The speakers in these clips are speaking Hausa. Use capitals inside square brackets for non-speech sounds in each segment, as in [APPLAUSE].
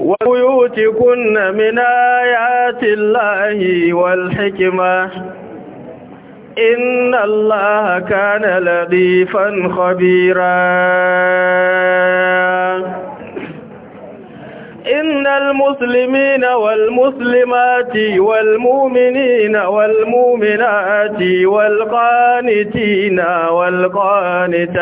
وبيوتكن من آيات الله والحكمة إن الله كان لطيفا خبيرا إن المسلمين والمسلمات والمؤمنين والمؤمنات والقانتين والقانتات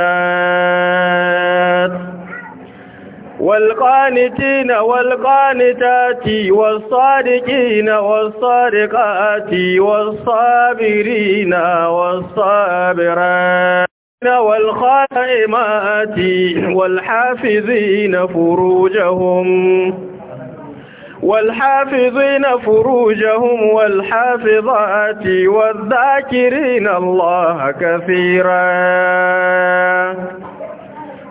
والقانتين والقانتات والصادقين والصادقات والصابرين والصابرات والخائمات والحافظين فروجهم والحافظين فروجهم والحافظات والذاكرين الله كثيرا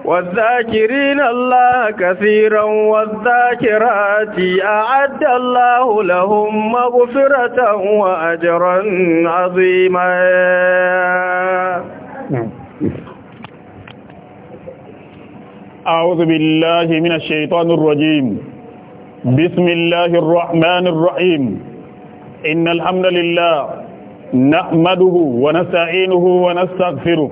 والذاكرين الله كثيرا والذاكرات أعد الله لهم مغفرة وأجرا عظيما نعم. أعوذ بالله من الشيطان الرجيم بسم الله الرحمن الرحيم إن الحمد لله نحمده ونستعينه ونستغفره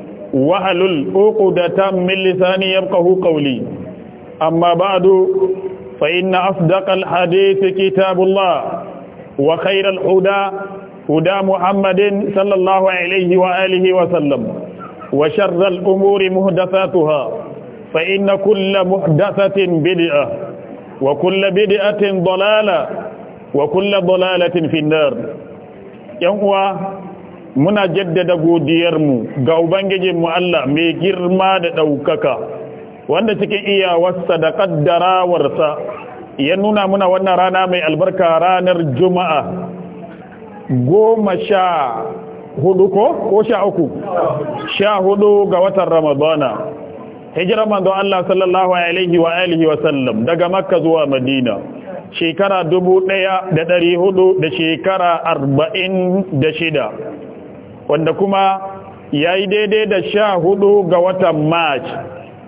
وحلل عقدة من لساني يبقه قولي أما بعد فإن أصدق الحديث كتاب الله وخير الهدى هدى محمد صلى الله عليه وآله وسلم وشر الأمور مهدثاتها فإن كل مهدثة بدئة وكل بدئة ضلالة وكل ضلالة في النار يوم muna jaddada godiyarmu ga mu Allah mai girma da ɗaukaka, wanda cikin iyawarsa da ƙaddarawarsa ya nuna muna wannan rana mai albarka ranar Juma'a goma sha hudu ko? ko sha uku? sha hudu ga watan Ramadana. hijira manzo Allah sallallahu Alaihi wa Alihi sallam daga Makka zuwa Madina. Shekara dubu ɗaya da ɗari hudu da shekara arba'in da shida. wanda kuma ya yi daidai da sha hudu ga watan march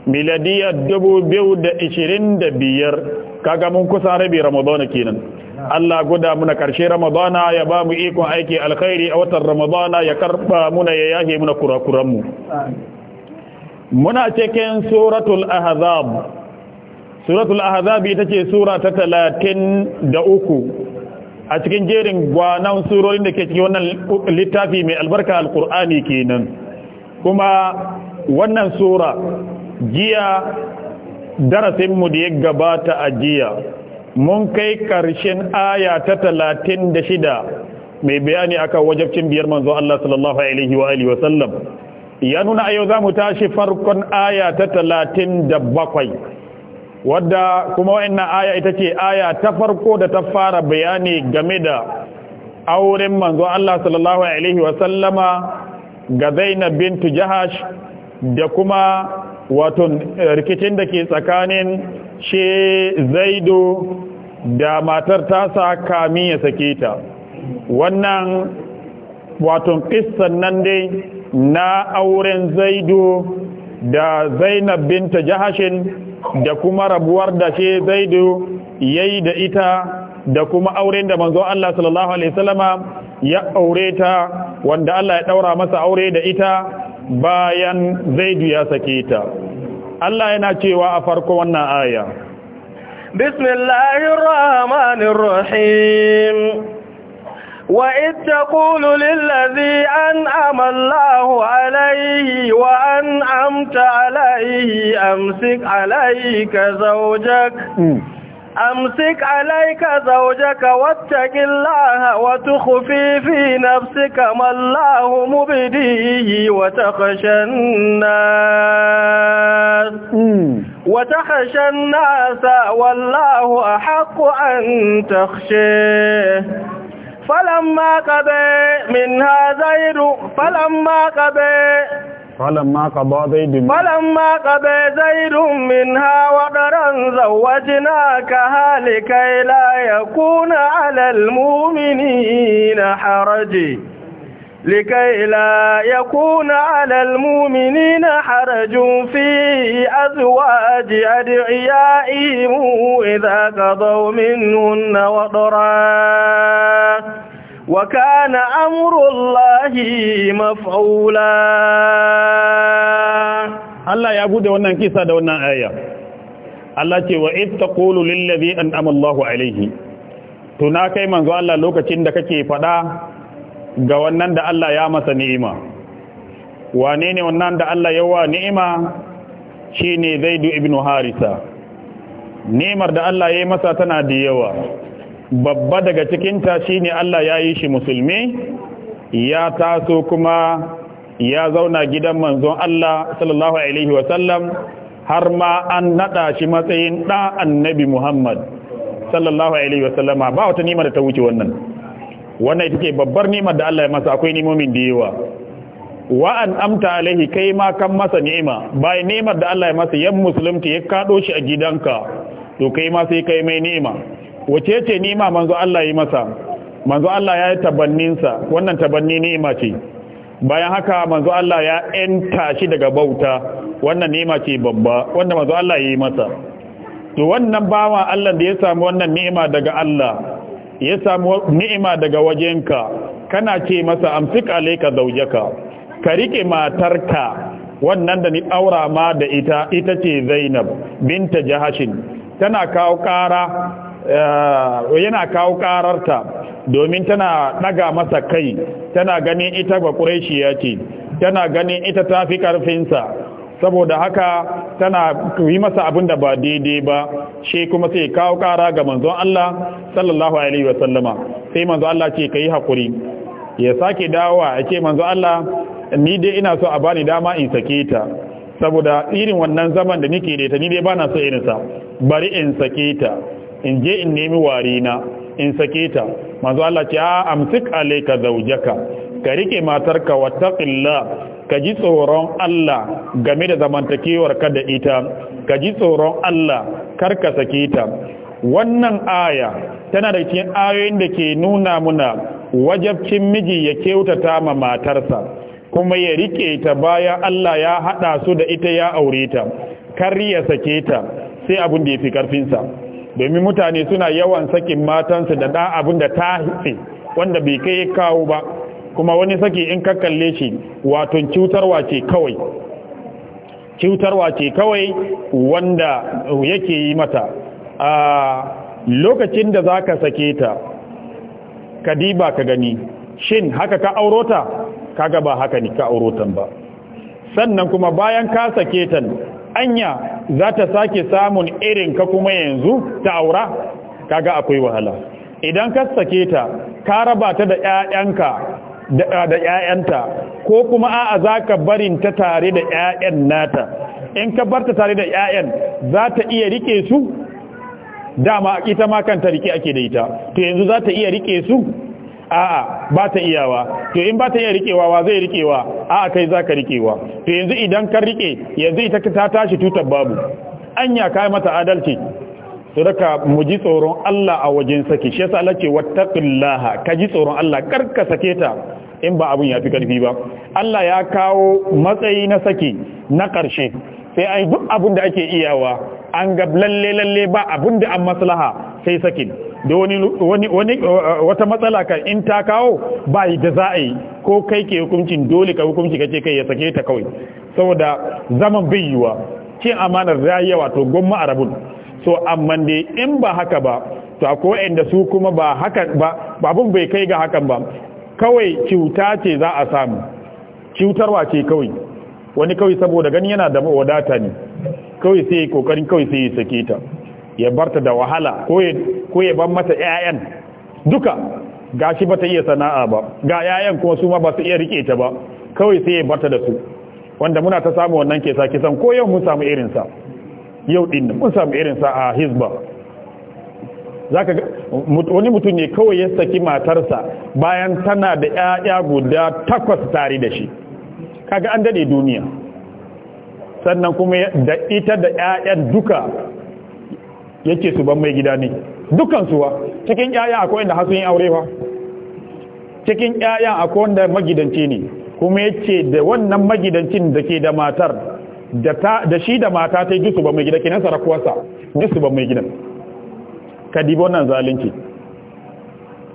miladiyar dubu biyu da ishirin da biyar kaga mun kusa rabi ramadana kenan Allah guda muna karshe ramadana ya ba mu ikon aiki alkhairi a watan ramadana ya karba muna ya yahe muna kurakuranmu muna cikin suratul ahzab suratul ahzab ita ce sura ta talatin da uku a cikin jerin gwanan surorin da ke cikin wannan littafi mai albarka alkur'ani kenan kuma wannan sura jiya darasinmu da ya gabata a jiya mun kai ƙarshen aya ta talatin da shida mai bayani aka wajabcin biyar manzo Allah sallallahu alaihi wa Alaihi wasallam ya nuna a yau za mu tashi farkon aya ta talatin da bakwai wadda kuma wa'annan aya ita ce aya ta farko da ta fara bayani game da auren manzo Allah sallallahu alaihi wa sallama ga Zainab bintu Jahash da kuma wato rikicin da ke tsakanin she Zaidu da matar tasa kami ya sake ta wannan wato kissan nan dai na auren Zaidu da zainab binta jahashin da kuma rabuwar da shi zaidu yayi da ita da kuma auren da manzo Allah sallallahu alaihi wasallama ya aure ta wanda Allah ya daura masa aure da ita bayan zaidu ya sake ta Allah yana cewa a farko wannan aya Bismillahirrahmanirrahim. وإذ تقول للذي أنعم الله عليه وأنعمت عليه أمسك عليك زوجك أمسك عليك زوجك واتق الله وتخفي في نفسك ما الله مبديه وتخشى الناس وتخشى الناس والله أحق أن تخشيه falan kabe min ha zairu falamma kabe falamma kaba zaidu falamma kabe zairu min ha la yakuna alal mu'minina haraji لكي لا يكون على المؤمنين حرج في أزواج أدعيائهم إذا قضوا منهن وضرا وكان أمر الله مفعولا الله يعبد wannan kisa da wannan aya Allah ce wa id taqulu lil ladhi an'ama to na kai manzo Allah lokacin da kake faɗa. ga wannan da Allah ya masa ni'ima wane ne wannan da Allah yawa ni'ima shi ne Zaidu ibn Harisa ni'imar da Allah ya yi masa tana da yawa babba daga cikinta ne Allah ya yi shi musulmi ya taso kuma ya zauna gidan manzon Allah sallallahu alaihi wasallam har ma an nada shi matsayin ɗan annabi Muhammad sallallahu alaihi wasallama ba wata ni'imar da ta wuce wannan wannan ita ce babbar nima da Allah ya masa akwai nimomin da yawa wa an amta alaihi kai ma kan masa ni'ima bai ni'imar da Allah ya masa yan musulunci ya kado shi a gidanka to kai ma sai kai mai ni'ima wace ce ni'ima manzo Allah ya masa manzo Allah ya yi sa wannan tabanni ni'ima ce bayan haka manzo Allah ya enta shi daga bauta wannan ni'ima ce babba wanda manzo Allah ya yi masa to wannan bawa Allah da ya samu wannan ni'ima daga Allah ya samu ni'ima daga wajenka kana ce masa amsik alayka zawjaka ka rike matarka wannan da ni aura ma da ita ita ce Zainab binta Jahashin tana kawo eh, yana kawo kararta domin tana daga masa kai tana ganin ita ba ya ce tana ganin ita ta fi ƙarfinsa saboda haka tana yi masa abin da ba daidai ba shi kuma sai kawo kara ga manzon Allah sallallahu alaihi wa sallama. sai manzon Allah ce kai hakuri ya sake dawowa a ce manzon Allah ni dai ina so a bani dama in sake ta saboda irin wannan zaman da nake da ita ni dai bana so irin sa bari in sake ta in je in nemi wari na in sake ta Manzon Allah ce a amsik alayka zawjaka ka rike matarka wattaqilla ka ji tsoron Allah game da zamantakewar ka da ita ka ji tsoron Allah kar ka sake ta wannan aya tana da cikin ayoyin da ke nuna muna wajabcin miji ya kyautata ma matarsa kuma ya rike ta baya Allah ya haɗa su da ita ya aure ta kar ya sake ta sai abin da ya fi karfinsa domin mutane suna yawan sakin matansu da da abin da ta hitse wanda bai kai kawo ba kuma wani saki in ka kalle shi wato cutarwa ce kawai cutarwa ce kawai wanda yake yi mata a lokacin da za ka sake ta ka diba ka gani shin haka ka aurota ka ba haka ne ka aurotan ba sannan kuma bayan ka sake ta anya za ta sake samun irin ka kuma yanzu ta aura kaga akwai wahala idan ka sake ta ka rabata da 'ya'yanka da ‘ya'yanta ko kuma a'a za ka barin ta tare da ‘ya'yan nata in ka barta tare da ‘ya'yan za ta iya rike su dama ita ma kanta rike ake da ita to yanzu za ta iya rike su a'a ba ta iyawa to in ba ta iya rikewa wa zai rikewa a'a kai za ka rikewa to yanzu idan ka rike yanzu ita ta tashi tutar babu anya kai mata adalci to daga mu ji tsoron Allah a wajen saki shi yasa Allah ce wattaqillaha ka ji tsoron Allah karka sake ta in ba abun ya fi karfi ba Allah ya kawo matsayi na saki na karshe sai ai duk abun da ake iyawa an ga lalle lalle ba abun da an maslaha sai sakin da wani wani wani wata matsala kan in ta kawo ba da za a ko kai ke hukuncin dole ka hukunci kace kai ya sake ta kawai saboda zaman bai yiwa cin amanar da yawa to gwamma arabun to amma dai in ba haka ba to akwai waɗanda su kuma ba haka ba babun bai kai ga hakan ba kawai cuta ce za a samu cutarwa ce kawai wani kawai saboda gani yana da wadata ne kawai sai kokarin kawai sai ya sake ta ya barta da wahala ko ya ban mata 'ya'yan duka gashi bata iya sana'a ba ga 'ya'yan kuma su ma ba su iya rike ta ba kawai sai ya barta da su wanda muna ta samu wannan kesa kisan ko yau mun samu irin sa. yau din mun samu irin sa a hizba zaka wani mutum ne kawai ya saki matarsa bayan tana da ƴaƴa guda takwas tare da shi kaga an dade duniya sannan kuma da ita da ƴaƴan duka yake su ban mai gida ne dukan suwa cikin ƴaƴa akwai inda hasu yin aure fa cikin ƴaƴa akwai wanda magidanci ne kuma yace da wannan magidancin da ke da matar da shi da mata ta yi dusu ba mai gida kenan sarakuwarsa dusu ba mai gidan ka dibi wannan zalunci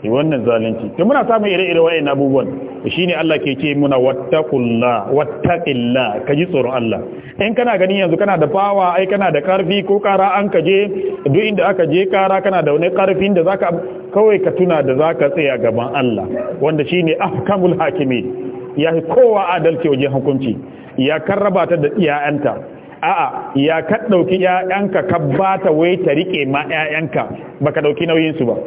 yi wannan zalunci to muna samun ire-ire wa'in abubuwan shi ne Allah ke ce muna wattakulla illa ka ji tsoron Allah in kana gani yanzu kana da fawa ai kana da ƙarfi ko ƙara an ka je duk inda aka je kara kana da wani ƙarfin da zaka kawai ka tuna da zaka tsaya gaban Allah wanda shi ne afkamul hakimi ya kowa adalci wajen hukunci ya kan da iyayanta a'a ya ka dauki iyayanka ka bata wai ta rike ma iyayanka baka dauki nauyin su ba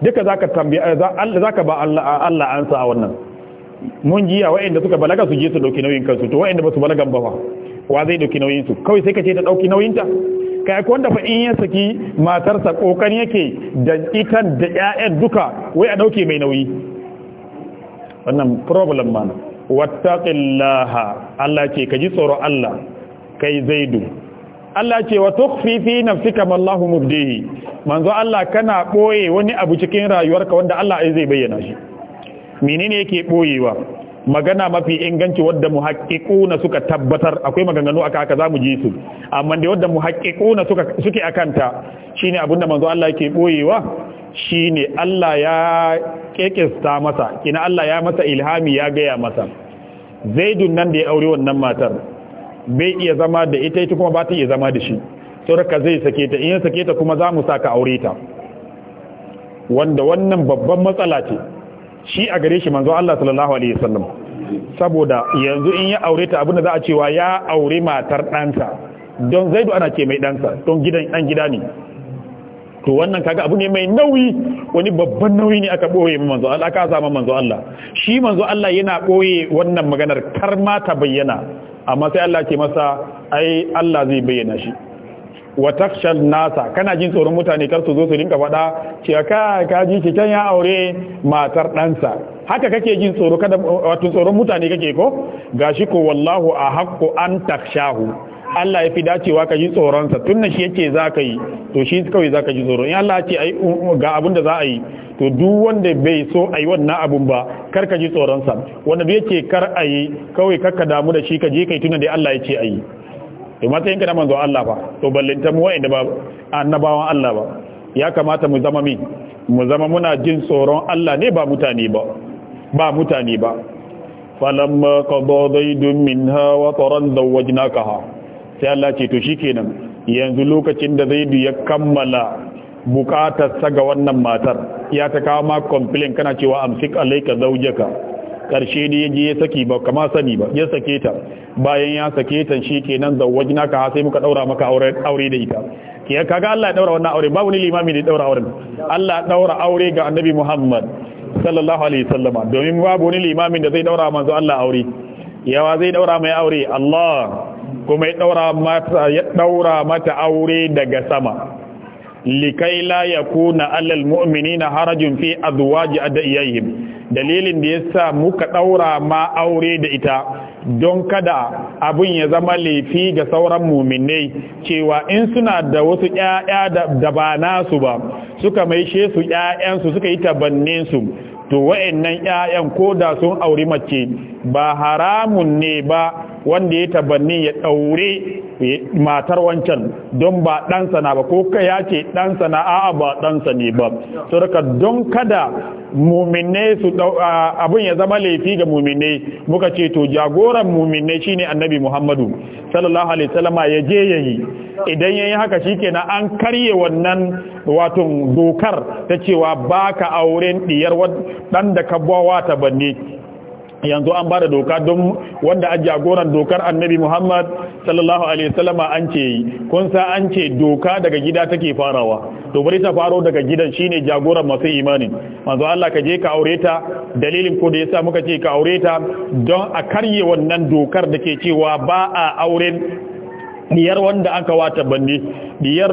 duka zaka tambaya eh, zaka ba Allah Allah ansa a wannan mun jiya waɗanda suka balaga su je su dauki nauyin kansu to waɗanda ba su balagan ba wa zai dauki nauyin su kawai sai ka ce ta dauki nauyin ta kai ko wanda fa in ya saki matarsa kokarin yake da itan da ƴaƴan duka wai a dauke mai nauyi wannan problem ma wattaqillaha Allah ce kaji tsoro Allah kai zaidu Allah ce wa tukhfi fi nafsika ma Allah mubdihi manzo Allah kana boye wani abu cikin rayuwarka wanda Allah ai zai bayyana shi menene yake boyewa magana mafi inganci wadda muhaqqiquna suka tabbatar akwai maganganu aka haka zamu ji su amma da wadda muhaqqiquna suka suke akanta shine abinda manzo Allah yake boyewa Shi ne Allah ya kekesta masa kina Allah ya masa ilhami ya gaya masa zaidun nan da ya aure wannan matar bai iya zama da ita ita kuma ba ta iya zama da shi ka zai sake ta in sake ta kuma za mu sa ka aure ta wanda wannan babban matsala ce shi a gare shi manzo Allah sallallahu alaihi wasallam saboda yanzu in ya aure ta abinda za a cewa ya aure matar ɗansa don zaidu ana ce mai ɗansa don gidan ɗan gida ne to wannan kaga abu ne mai nauyi wani babban nauyi ne aka boye manzo Allah aka zama manzo Allah shi manzo Allah yana boye wannan maganar kar ta bayyana amma sai Allah ke masa ai Allah zai bayyana shi wa takshal nasa kana jin tsoron mutane kar su zo su rinka fada cewa ka ka ji cikin ya aure matar ɗansa haka kake jin tsoro kada wato tsoron mutane kake ko gashi ko wallahu a haqqu an takshahu Allah ya fi dacewa ka ji tsoronsa tun da shi yake za ka yi to shi kawai za ka ji tsoron in Allah ce ga abin da za a yi to duk wanda bai so a yi wannan abun ba kar ka ji tsoronsa wanda bai ce kar a yi kawai kar ka damu da shi ka je kai tun da Allah ya ce a yi to matsayin ka da manzo Allah ba to ballinta mu wa'inda ba annabawan Allah ba ya kamata mu zama mi mu zama muna jin tsoron Allah ne ba mutane ba ba mutane ba falamma qadadaidun minha wa taran zawajnakaha sai Allah ce to shikenan yanzu lokacin da zaidu ya kammala bukatarsa ga wannan matar ya ta kawo ma complain kana cewa amsik alayka zawjaka karshe ne yaje ya saki ba kama sani ba ya sake ta bayan ya sake ta shikenan zawajnaka ha sai muka daura maka aure aure da ita ke kaga Allah ya daura wannan aure babu ni limami da daura auren Allah daura aure ga Annabi Muhammad sallallahu alaihi wasallam domin babu ni limamin da zai daura manzo Allah aure yawa zai daura mai aure Allah kuma ya daura mata ya daura mata aure daga sama likai la yakuna alal mu'minina harajun fi a da'iyayin. dalilin da ya sa muka daura ma aure da ita don kada abin ya zama laifi ga sauran muminai cewa in suna da wasu ƴaƴa da ba nasu ba suka maishe su ƴaƴansu suka yi tabannin su to wayannan yayan ko da sun auri mace ba haramun ne ba wanda ya tabanni ya daure matar wancan don ba ɗansa na ba ko ka ya ce ɗansa na a'a ba ɗansa ne ba to don kada mumine su abin ya zama laifi ga mumine muka ce to jagoran mumine shine annabi muhammadu sallallahu alaihi wasallama ya je yayi idan yayi haka shikenan an karye wannan wato dokar ta cewa baka auren diyar dan da ka bawa ta banne yanzu an bada doka don wanda a jagoran dokar annabi muhammad sallallahu alaihi wasallama an ce yi kun sa an ce doka daga gida take farawa to bari ta faro daga gidan shine jagoran masu imanin manzo Allah ka je ka aure ta dalilin ko da yasa muka ce ka aure ta don a karye wannan dokar da ke cewa ba a auren diyar wanda aka wata banni diyar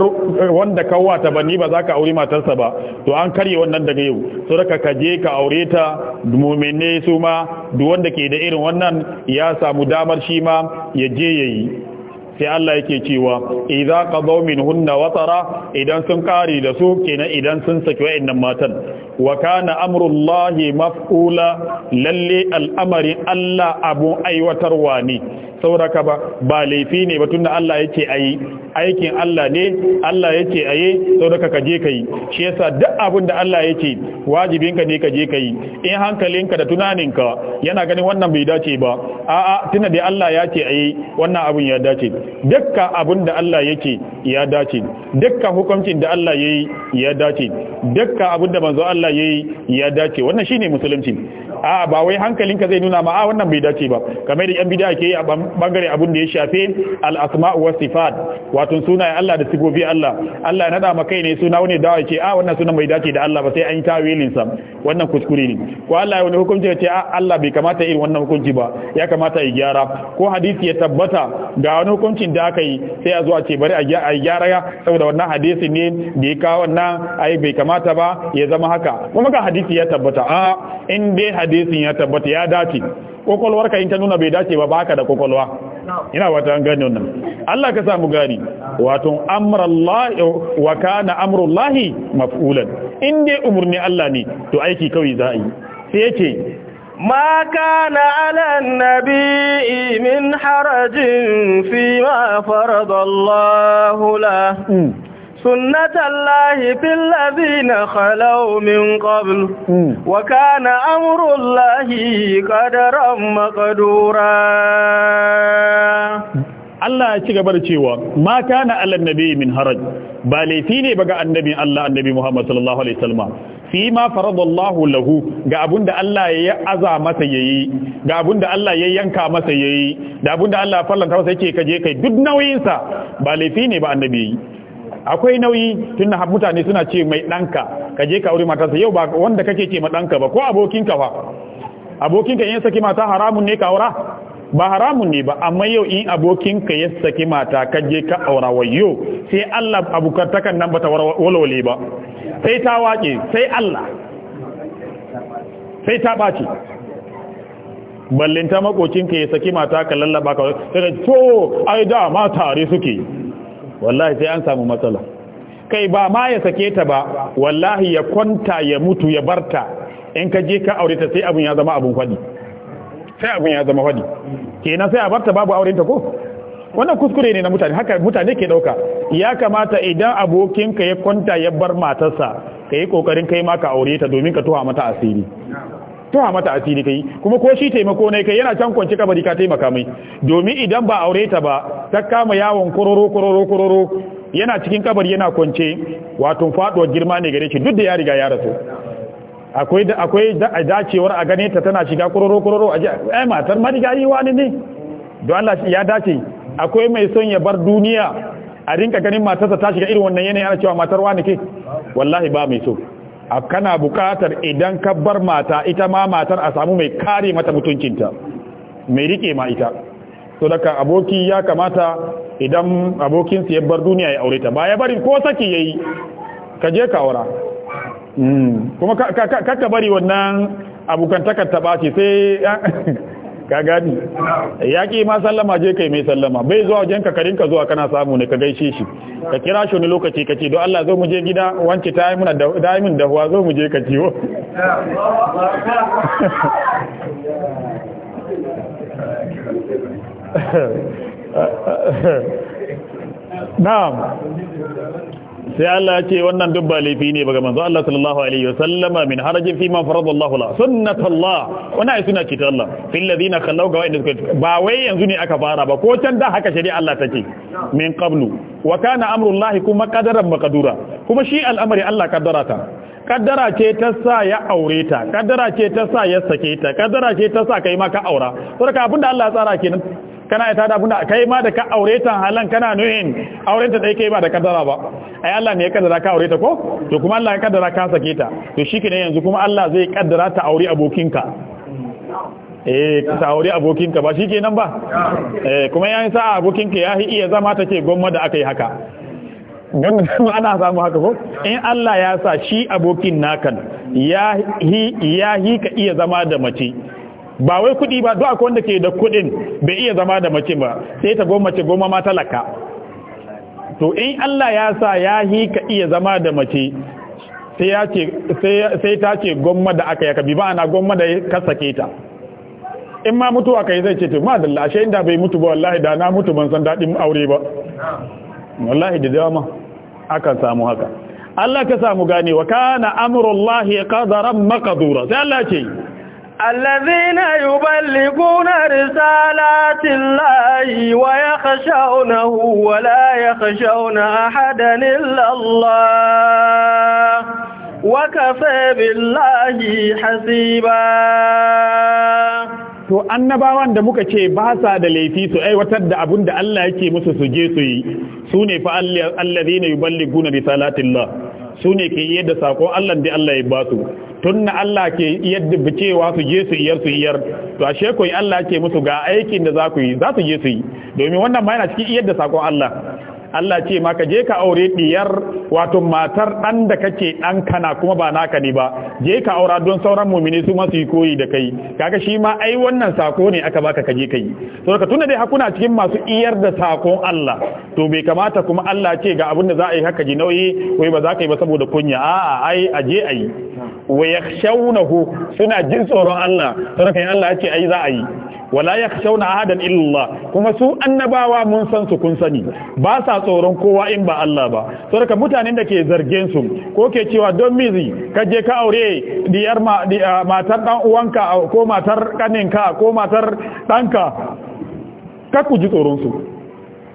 wanda ka wata banni ba za ka aure matarsa ba to an karye wannan daga yau so raka ka je ka aure ta mumine su ma duk wanda ke da irin wannan ya samu damar shi ma ya je yayi sai Allah yake cewa idza qadaw minhunna watara idan sun kare da su kenan idan sun saki wayannan matan wa kana amrullahi maf'ula lalle al'amarin Allah abun aiwatarwa ne sauraka ba ba laifi ne ba tunda Allah yake ayi aikin Allah ne Allah yake aye sauraka ka je kai shi yasa duk abin da Allah yake wajibinka ne ka je kai in hankalinka da tunaninka yana ganin wannan bai dace ba a'a tunda dai Allah ya ce wannan abin ya dace dukkan abin da Allah yake ya dace dukkan hukuncin da Allah yayi ya dace dukkan abin da manzo Allah yayi ya dace wannan shine musulunci A'a ba wai hankalin ka zai nuna ma a wannan bai dace ba kamar da yan bid'a ke yi a bangare abun da ya shafe al asma was sifat wato ya Allah da sifofi Allah Allah ya nada kai ne suna wani dawa ce a wannan sunan bai dace da Allah ba sai an yi tawilin sa wannan kuskure ne ko Allah ya wani hukunci ya ce a Allah bai kamata irin wannan hukunci ba ya kamata ya gyara ko hadisi ya tabbata ga wani hukuncin da aka yi sai a zo a ce bari a gyara ya saboda wannan hadisi ne da ya kawo wannan ai bai kamata ba ya zama haka kuma ga hadisi ya tabbata a in dai hadisin ya tabbata ya dace ka in ta nuna bai dace ba baka da kokolwa ina wata gani wannan Allah ka samu gani wato amrullahi wa kana amrullahi maf'ulan in dai umurni Allah ne to aiki kawai za a yi sai yace ما كان على النبي من حرج فيما فرض سنة الله في الذين خلوا من قبل وكان أمر الله قدرا مقدورا Allah ya ci gaba da cewa ma kana alal nabi min haraj ba laifi ne ba ga annabi Allah annabi Muhammad sallallahu alaihi wasallam fi ma faradallahu lahu ga abunda Allah ya aza masa yayi ga abunda Allah ya yanka masa yayi da abunda Allah ya fallanta masa yake kaje kai duk nauyinsa, ba laifi ne ba annabi akwai nauyi tunda mutane suna ce mai danka ka je ka aure matarsa yau ba wanda kake ce ma danka ba ko abokinka fa abokinka in saki mata haramun ne ka aura ba haramun ne ba amma yau in abokinka ya saki mata ka je ka aura wayo sai Allah abukartakan nan bata walwale ba sai ta waƙe sai Allah sai ta ɓaci ballinta makocinka ya saki mata ka lallaba ka sai to ai da ma tare suke wallahi sai an samu matsala kai ba ma ya sake ta ba wallahi ya kwanta ya mutu ya barta in ka je ka aure sai abun ya zama abun fadi sai abun ya zama fadi kenan sai a barta babu auren ta ko wannan kuskure ne na mutane haka mutane ke dauka ya kamata idan abokinka ya kwanta ya bar matarsa ka yi kokarin kai ma ka aure ta domin ka tuha mata asiri tuwa mata asiri kai kuma ko shi taimako ne kai yana can kwanci kabari ka taimaka mai domin idan ba aure ta ba ta kama yawon kororo kororo kororo yana cikin kabari yana kwance wato faduwar girma ne gare shi duk da ya riga ya rasu akwai akwai dacewar a gane ta tana shiga kororo kororo a ai matar marigari wani ne don Allah ya dace akwai mai son ya bar duniya a rinka ganin matarsa ta shiga irin wannan yanayi ana cewa matar wani ke wallahi ba mai so a kana bukatar idan ka bar mata ita ma matar a samu mai kare mata mutuncinta mai rike ma ita to daga aboki ya kamata idan su ya bar duniya ya aure ta ba ya bari ko saki ya ka je kawara hmm. kuma ka bari wannan abokantakar ta ɓaci sai [LAUGHS] ka gani ya ki ma sallama je kai mai sallama bai zuwa wajen ka karinka zuwa kana samu ne ka gaishe shi ka kira shi ne lokaci kace don Allah zo mu je gida wanke ta yi mun da da huwa zo mu je ka ciwo [LAUGHS] na'am sai Allah ya ce wannan duk ba laifi ne ba ga manzo Allah sallallahu alaihi wasallama min harajin fi ma Allah la sunnatullah wannan ai suna ce ta Allah fil ladina khallau ga wa'inda suka ba wai yanzu ne aka fara ba ko can da haka shari'a Allah take min qablu wa kana amrullahi kuma qadaran maqdura kuma shi al'amari Allah kaddara ta kaddara ce ta sa ya aure ta kaddara ce ta sa ya sake ta kaddara ce ta sa kai ma ka aura saboda abinda Allah ya tsara kenan kana ita da abinda kai ma da ka aure ta halan kana nuhin auren ta dai kai ba da kaddara ba ai Allah ne ya kaddara ka aure ta ko to kuma Allah ya kaddara ka sake ta to shikenan yanzu kuma Allah zai kaddara ta aure abokinka eh ka aure abokinka ba shikenan ba eh kuma yayin sa abokinka ya iya zama take gomma da akai haka don [LAUGHS] ana samu haka ko in Allah ya sa shi abokin nakan ya hi ka iya zama da mace ba wai kudi ba duk akwai wanda ke da kudin bai iya zama da mace ba sai ta goma mace goma ma talaka to in Allah ya sa ya hi ka iya zama da mace sai ta ce goma da aka yaka bi ba ana goma da ka sake ta in ma mutuwa kai zai ce to ma da ashe inda bai mutu ba wallahi da na mutu ban san dadin aure ba wallahi da dama akan samu haka Allah ka samu gane wa kana amrullahi qadaran maqdura sai Allah ce alladhina yuballighuna risalati llahi wa yakhshawnahu wa la yakhshawna ahadan illa Allah wa kafa billahi hasiba to annabawan da muka ce ba sa da laifi su aiwatar da abun da Allah yake musu su je su yi su ne fa allazina yuballiguna risalatillah su ne ke yadda sako Allah da Allah ya ba su na Allah ke yadda bicewa su je su iyar su iyar to ashe ko Allah ke musu ga aikin da za ku yi za su je su yi domin wannan ma yana cikin yadda sako Allah Allah ce ma ka je ka aure diyar wato matar dan da kake dan kana kuma ba naka ne ba je ka aura don sauran mu'mini su ma yi koyi da kai kaga shi ma ai wannan sako ne aka baka kaje kai to ka tuna dai hakuna cikin masu iyar da sakon Allah to bai kamata kuma Allah ce ga abin da za a yi haka ji nauyi wai ba za ka yi ba saboda kunya a'a ai aje ayi wa yakhshawnahu suna jin tsoron Allah to kai Allah ya ce ai za a yi wala yakhshawna ahadan illallah kuma su annabawa mun san su kun sani ba sa tsoron kowa in ba Allah ba saboda mutanen da ke zargen su ko ke cewa don mizi ka je ka aure diyar matar dan uwanka ko matar kaninka ko matar danka ka ku ji tsoron su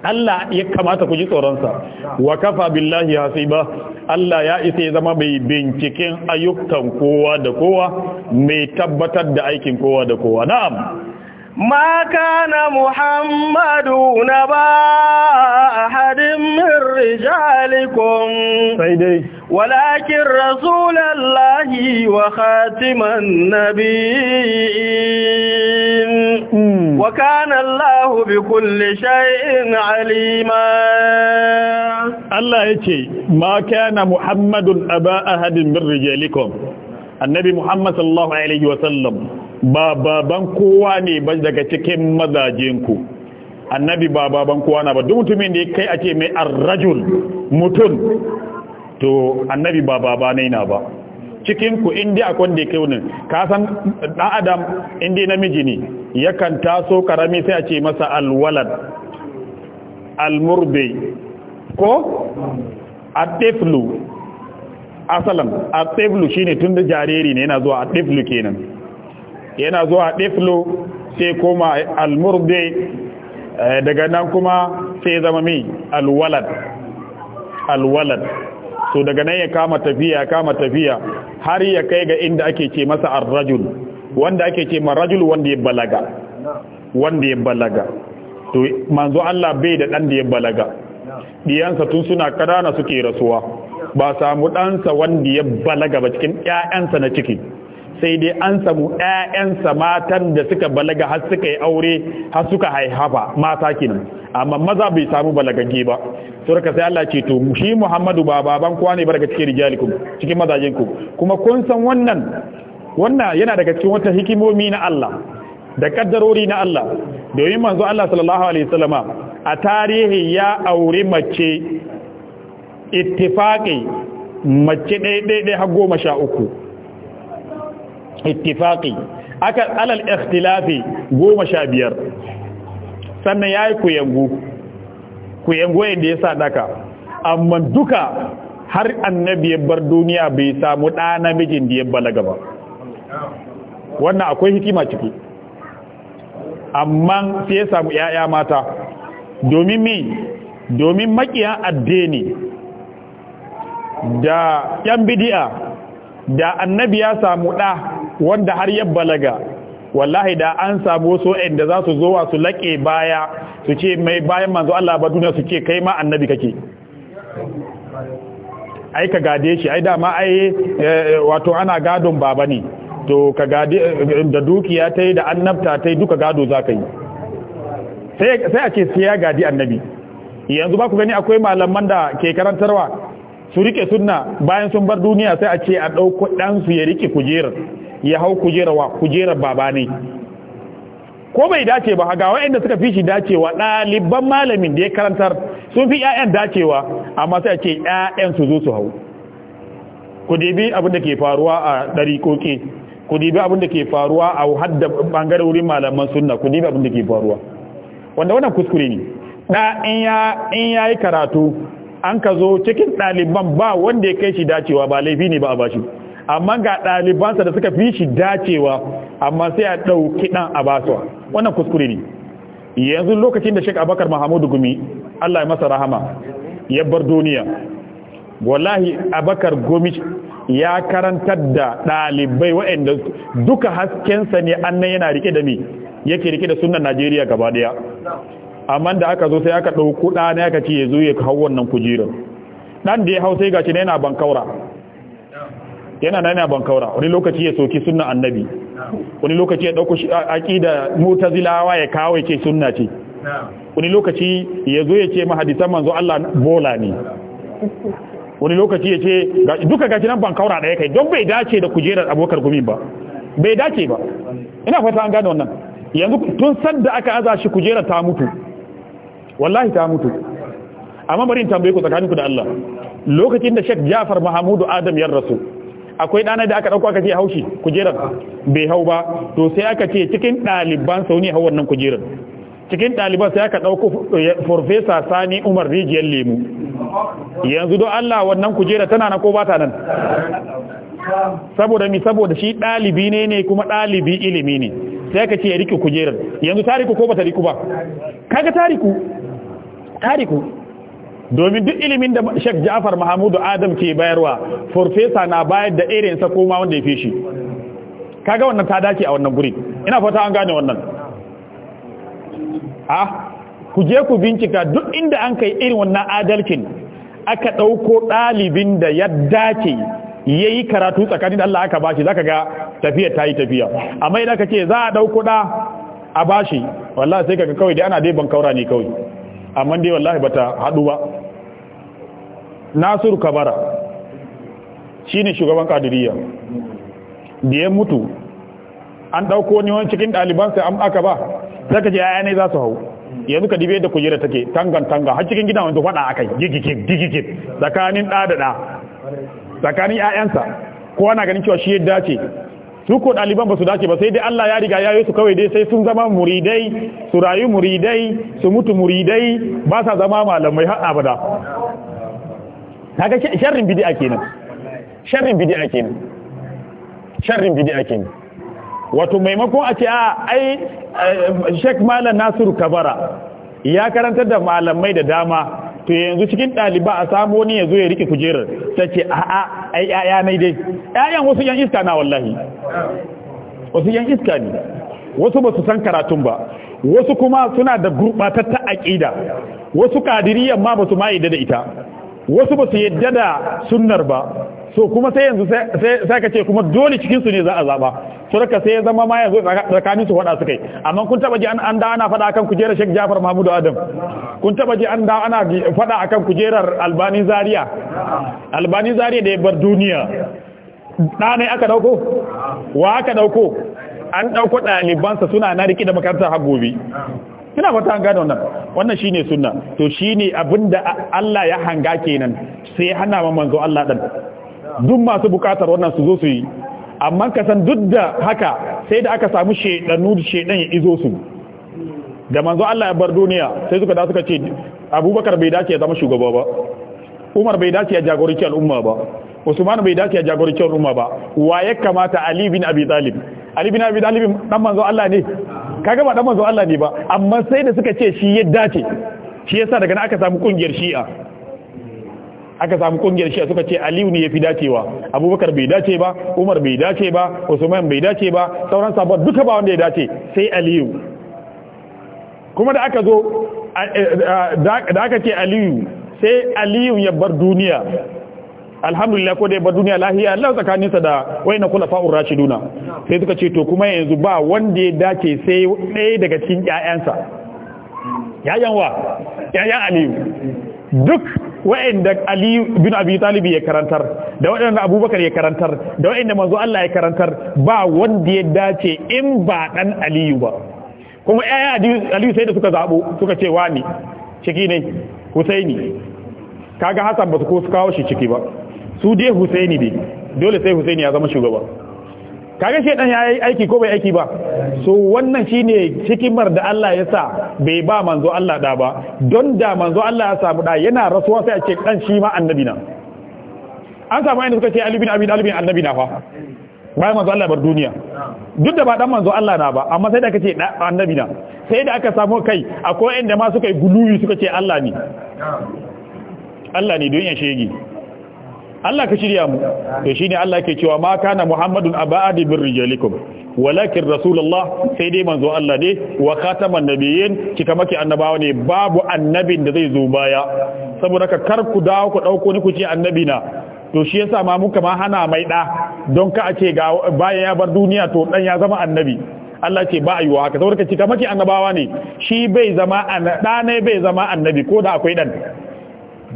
Allah ya kamata ku ji tsoron tsoronsa wa kafa billahi hasiba Allah ya isa ya zama mai binciken ayyukan kowa da kowa mai tabbatar da aikin kowa da kowa na'am ma na muhammadu na ba ahadin min rijalikum walakin rasulallahi wa khatiman nabiyin wa kana allahu bi kulli shay'in alima allah yace ma na muhammadu aba ahadin min rijalikum annabi muhammad sallallahu alaihi wasallam ba baban kowa ne ba daga cikin mazajenku annabi ba baban kowa na ba duk mutume nde kai a ce mai arrajul mutum to annabi ba baba ne na ba cikin ku inda a wanda ya kai wani ka san dan adam indi namiji ne yakan taso karami sai a ce masa alwalad ko atiflu asalan a tseflu shine tun da jariri ne yana zuwa a tseflu kenan yana zuwa a tseflu sai koma almurde eh, daga nan kuma sai zama mai alwalad alwalad so daga nan ya kama tafiya ya kama tafiya har ya kai ga inda ake ce masa arrajul wanda ake ce ma rajul wanda ya balaga wanda ya balaga to manzo Allah bai da dan da ya balaga diyansa tun suna kadana suke rasuwa ba samu ɗansa wanda ya balaga ba cikin ‘ya'yansa na ciki sai dai an samu ‘ya'yansa matan da suka balaga har suka yi aure har suka haihafa mata kenan amma maza bai samu balagage ba surka sai Allah ce to shi Muhammadu ba baban kowa ne ba daga cikin rijalikum cikin mazajen kuma kun san wannan wannan yana daga cikin wata hikimomi na Allah da kaddarori na Allah domin manzo Allah sallallahu alaihi wasallama a tarihi ya aure mace ittifaƙi mace ɗaiɗaiɗai har goma sha uku ittifaƙi aka alal ikhtilafi goma sha biyar sannan ya yi kuyangu kuyangu yadda ya sa daka amma duka har annabi ya bar duniya bai samu ɗa namijin da ya balaga ba wannan akwai hikima ciki amma sai ya samu ‘ya'ya mata domin mi domin makiyan addini da yan bidiya, da annabi ya samu ɗa wanda har ya balaga wallahi da an samu wasu inda za su zo su laƙe baya su ce mai bayan manzo Allah ba duniya su ce kai ma annabi kake ai ka gade shi ai dama ai eh, wato ana gadon baba ne to ka gade da dukiya ta yi da annabta ta yi duka gado za ka yi sai a ce sai ya gadi annabi yanzu ba ku gani akwai malaman da ke karantarwa su rike sunna bayan sun bar duniya sai a ce a ɗauko ɗansu ya rike kujerar ya hau kujerar wa kujerar baba ne ko bai dace ba ga waɗanda suka fi shi dacewa ɗaliban malamin da ya karantar sun fi ƴaƴan dacewa amma sai a ce 'ya'yan su zo su hau ku dibi abin da ke faruwa a koke. ku dibi abin da ke faruwa a hadda bangare wurin malaman sunna ku dibi abin da ke faruwa wanda wannan kuskure ne da in ya yi karatu an ka zo cikin ɗaliban ba wanda ya kai shi dacewa ba laifi ne ba a bashi amma ga ɗalibansa da suka fi shi dacewa amma sai a ɗauki ɗan a basuwa wannan kuskure ne yanzu lokacin da shek abakar mahamudu gumi allah ya masa rahama ya bar duniya wallahi abakar gumi ya karantar da ɗalibai waɗanda duka haskensa ne annan yana rike da mi yake rike da sunan najeriya gaba ɗaya amma da aka zo sai aka ɗauku ɗana ne aka ce ya zo ya hau wannan kujerar ɗan da ya hau sai gashi na yana bankaura yana na yana bankaura wani lokaci ya soki sunna annabi wani lokaci ya ɗauku aƙida mutazilawa ya kawo ya ce sunna ce wani lokaci ya zo ya ce mahadisan manzo Allah bola ne wani lokaci ya ce duka gashi nan bankaura ɗaya kai don bai dace da kujerar abokar gumi ba bai dace ba ina fata an gane wannan yanzu tun sanda aka aza shi kujerar ta mutu wallahi ta mutu amma bari in tambaye ku tsakaninku da Allah lokacin da Sheikh Jafar Mahamudu Adam ya rasu akwai dana da aka ɗauko aka ce haushi kujerar bai hau ba to sai aka ce cikin ɗaliban sau ne hau wannan kujerar cikin ɗaliban sai aka ɗauko eh, professor sani umar rijiyar lemu yanzu don allah wannan kujerar tana na ko ba ta nan saboda mi saboda shi ɗalibi ne ne kuma ɗalibi ilimi ne sai aka ce ya riƙe kujerar yanzu tariku ko ba ta riku ba kaga tariku tariku domin duk ilimin da shek Ja'far mahamudu Adam ke bayarwa farfesa na bayar da irin sa koma wanda ya fi shi kaga wannan ta dace a wannan guri ina fata an gane wannan a ku je ku bincika duk inda an kai irin wannan adalcin aka ɗauko ɗalibin da ya dace ya yi karatu tsakanin Allah aka bashi zaka ga tafiya ta yi tafiya amma idan ka ce za a ɗauko ɗa a bashi wallah sai kaga kawai dai ana dai ban kaura ne kawai amma dai wallahi bata hadu ba Nasiru Kabara ne shugaban Kadiriyya da ya mutu an dauko ne wani cikin daliban sai an aka ba zaka ji ayane za su hau yanzu ka dibe da kujera take tangan tanga har cikin gidan wanda fada akai gigike gigike tsakanin da da tsakanin ƴaƴansa kowa na ganin cewa shi ya dace su ko ɗaliban ba su dace ba sai dai Allah ya riga ya yi su kawai dai sai sun zama muridai su rayu muridai su mutu muridai ba sa zama malamai har abada kaga sharrin bid'a kenan sharrin bid'a kenan sharrin bid'a kenan wato maimakon a ce a ai eh, Sheikh Malam Nasiru Kabara ya karantar da malamai da dama to yanzu cikin ɗaliba a samu wani ya zo ya rike kujerar ta ce a'a yi ya'ya mai dai ƴaƴan wasu yan iska na wallahi wasu yan iska ne wasu ba su san karatun ba wasu kuma suna da gurɓatatta aƙida wasu ƙadiriyar ma ba su ma yadda da ita wasu ba su yadda da sunnar ba so kuma sai yanzu sai ka ce kuma dole cikinsu ne za a zaba to raka sai ya zama ma yanzu tsakanin su faɗa suka yi amma kun taba ji an da ana faɗa akan kujerar Sheikh Jafar Mahmud Adam kun taba ji an da ana faɗa akan kujerar Albani Zaria Albani Zaria da ya bar duniya da ne aka dauko wa aka dauko an dauko ɗalibansa suna na riki da makarantar hagobi ina fata an gane wannan wannan shine sunna to shine abinda Allah ya hanga kenan sai hana ma manzo Allah dan duk masu bukatar wannan su zo su yi amma ka san duk da haka sai da aka samu shedannu shedan ya izo su da manzo Allah ya bar duniya sai suka da suka ce Abubakar bai dace ya zama shugaba ba Umar bai dace ya jagori jagoranci al'umma ba Usman bai dace ya jagori jagoranci al'umma ba wa ya kamata Ali bin Abi Talib Ali bin Abi Talib dan manzo Allah ne kaga ba dan manzo Allah ne ba amma sai da suka ce shi ya dace shi yasa daga nan aka samu kungiyar Shi'a aka samu kungiyar shi suka ce aliyu ne ya fi dacewa abubakar bai dace ba umar bai dace ba usman bai dace ba sauran sabon duka ba wanda ya dace sai aliyu kuma da aka zo da aka ce aliyu sai aliyu ya bar duniya alhamdulillah ko da ya bar duniya lahiya Allah sa da kula kulafa'ur rashiduna sai suka ce to kuma yanzu ba wanda ya dace sai ɗaya daga cikin ƴaƴansa yayan wa aliyu duk Wa'inda Ali bin Abi Talib ya karantar da wa'inda Abubakar ya karantar da wa'anda manzo Allah ya karantar ba wanda ya dace in ba dan Aliyu ba kuma yaya Aliyu sai da suka zabo suka ce wani ciki ne Husaini kaga Hassan ba su ko su kawo shi ciki ba su dai Husaini ne dole sai Husaini ya zama shugaba kaga shedan ya yi aiki ko bai aiki ba so wannan shine hikimar da Allah ya sa bai ba manzo Allah da ba don da manzo Allah ya samu da yana rasuwa sai a ce dan shi ma annabi na an samu ayin suka ce Ali bin Abi Talib annabi na fa bai manzo Allah bar duniya duk da ba dan manzo Allah na ba amma sai da aka ce annabi na sai da aka samu kai akwai inda ma suka yi guluwi suka ce Allah ne Allah ne don ya shege Allah ka shirya mu to shine Allah ke cewa ma kana Muhammadun aba'adi bir rijalikum walakin rasulullah sai dai manzo Allah ne wa khataman nabiyyin kika maki annabawa ne babu annabin da zai zo baya saboda ka kar ku dawo ku dauko ni ku ce annabi na to shi yasa ma muka ma hana mai da don ka ce ga bayan ya bar duniya to dan ya zama annabi Allah ce ba ayyuwa haka saboda ka cika maki annabawa ne shi bai zama da ne bai zama annabi ko da akwai dan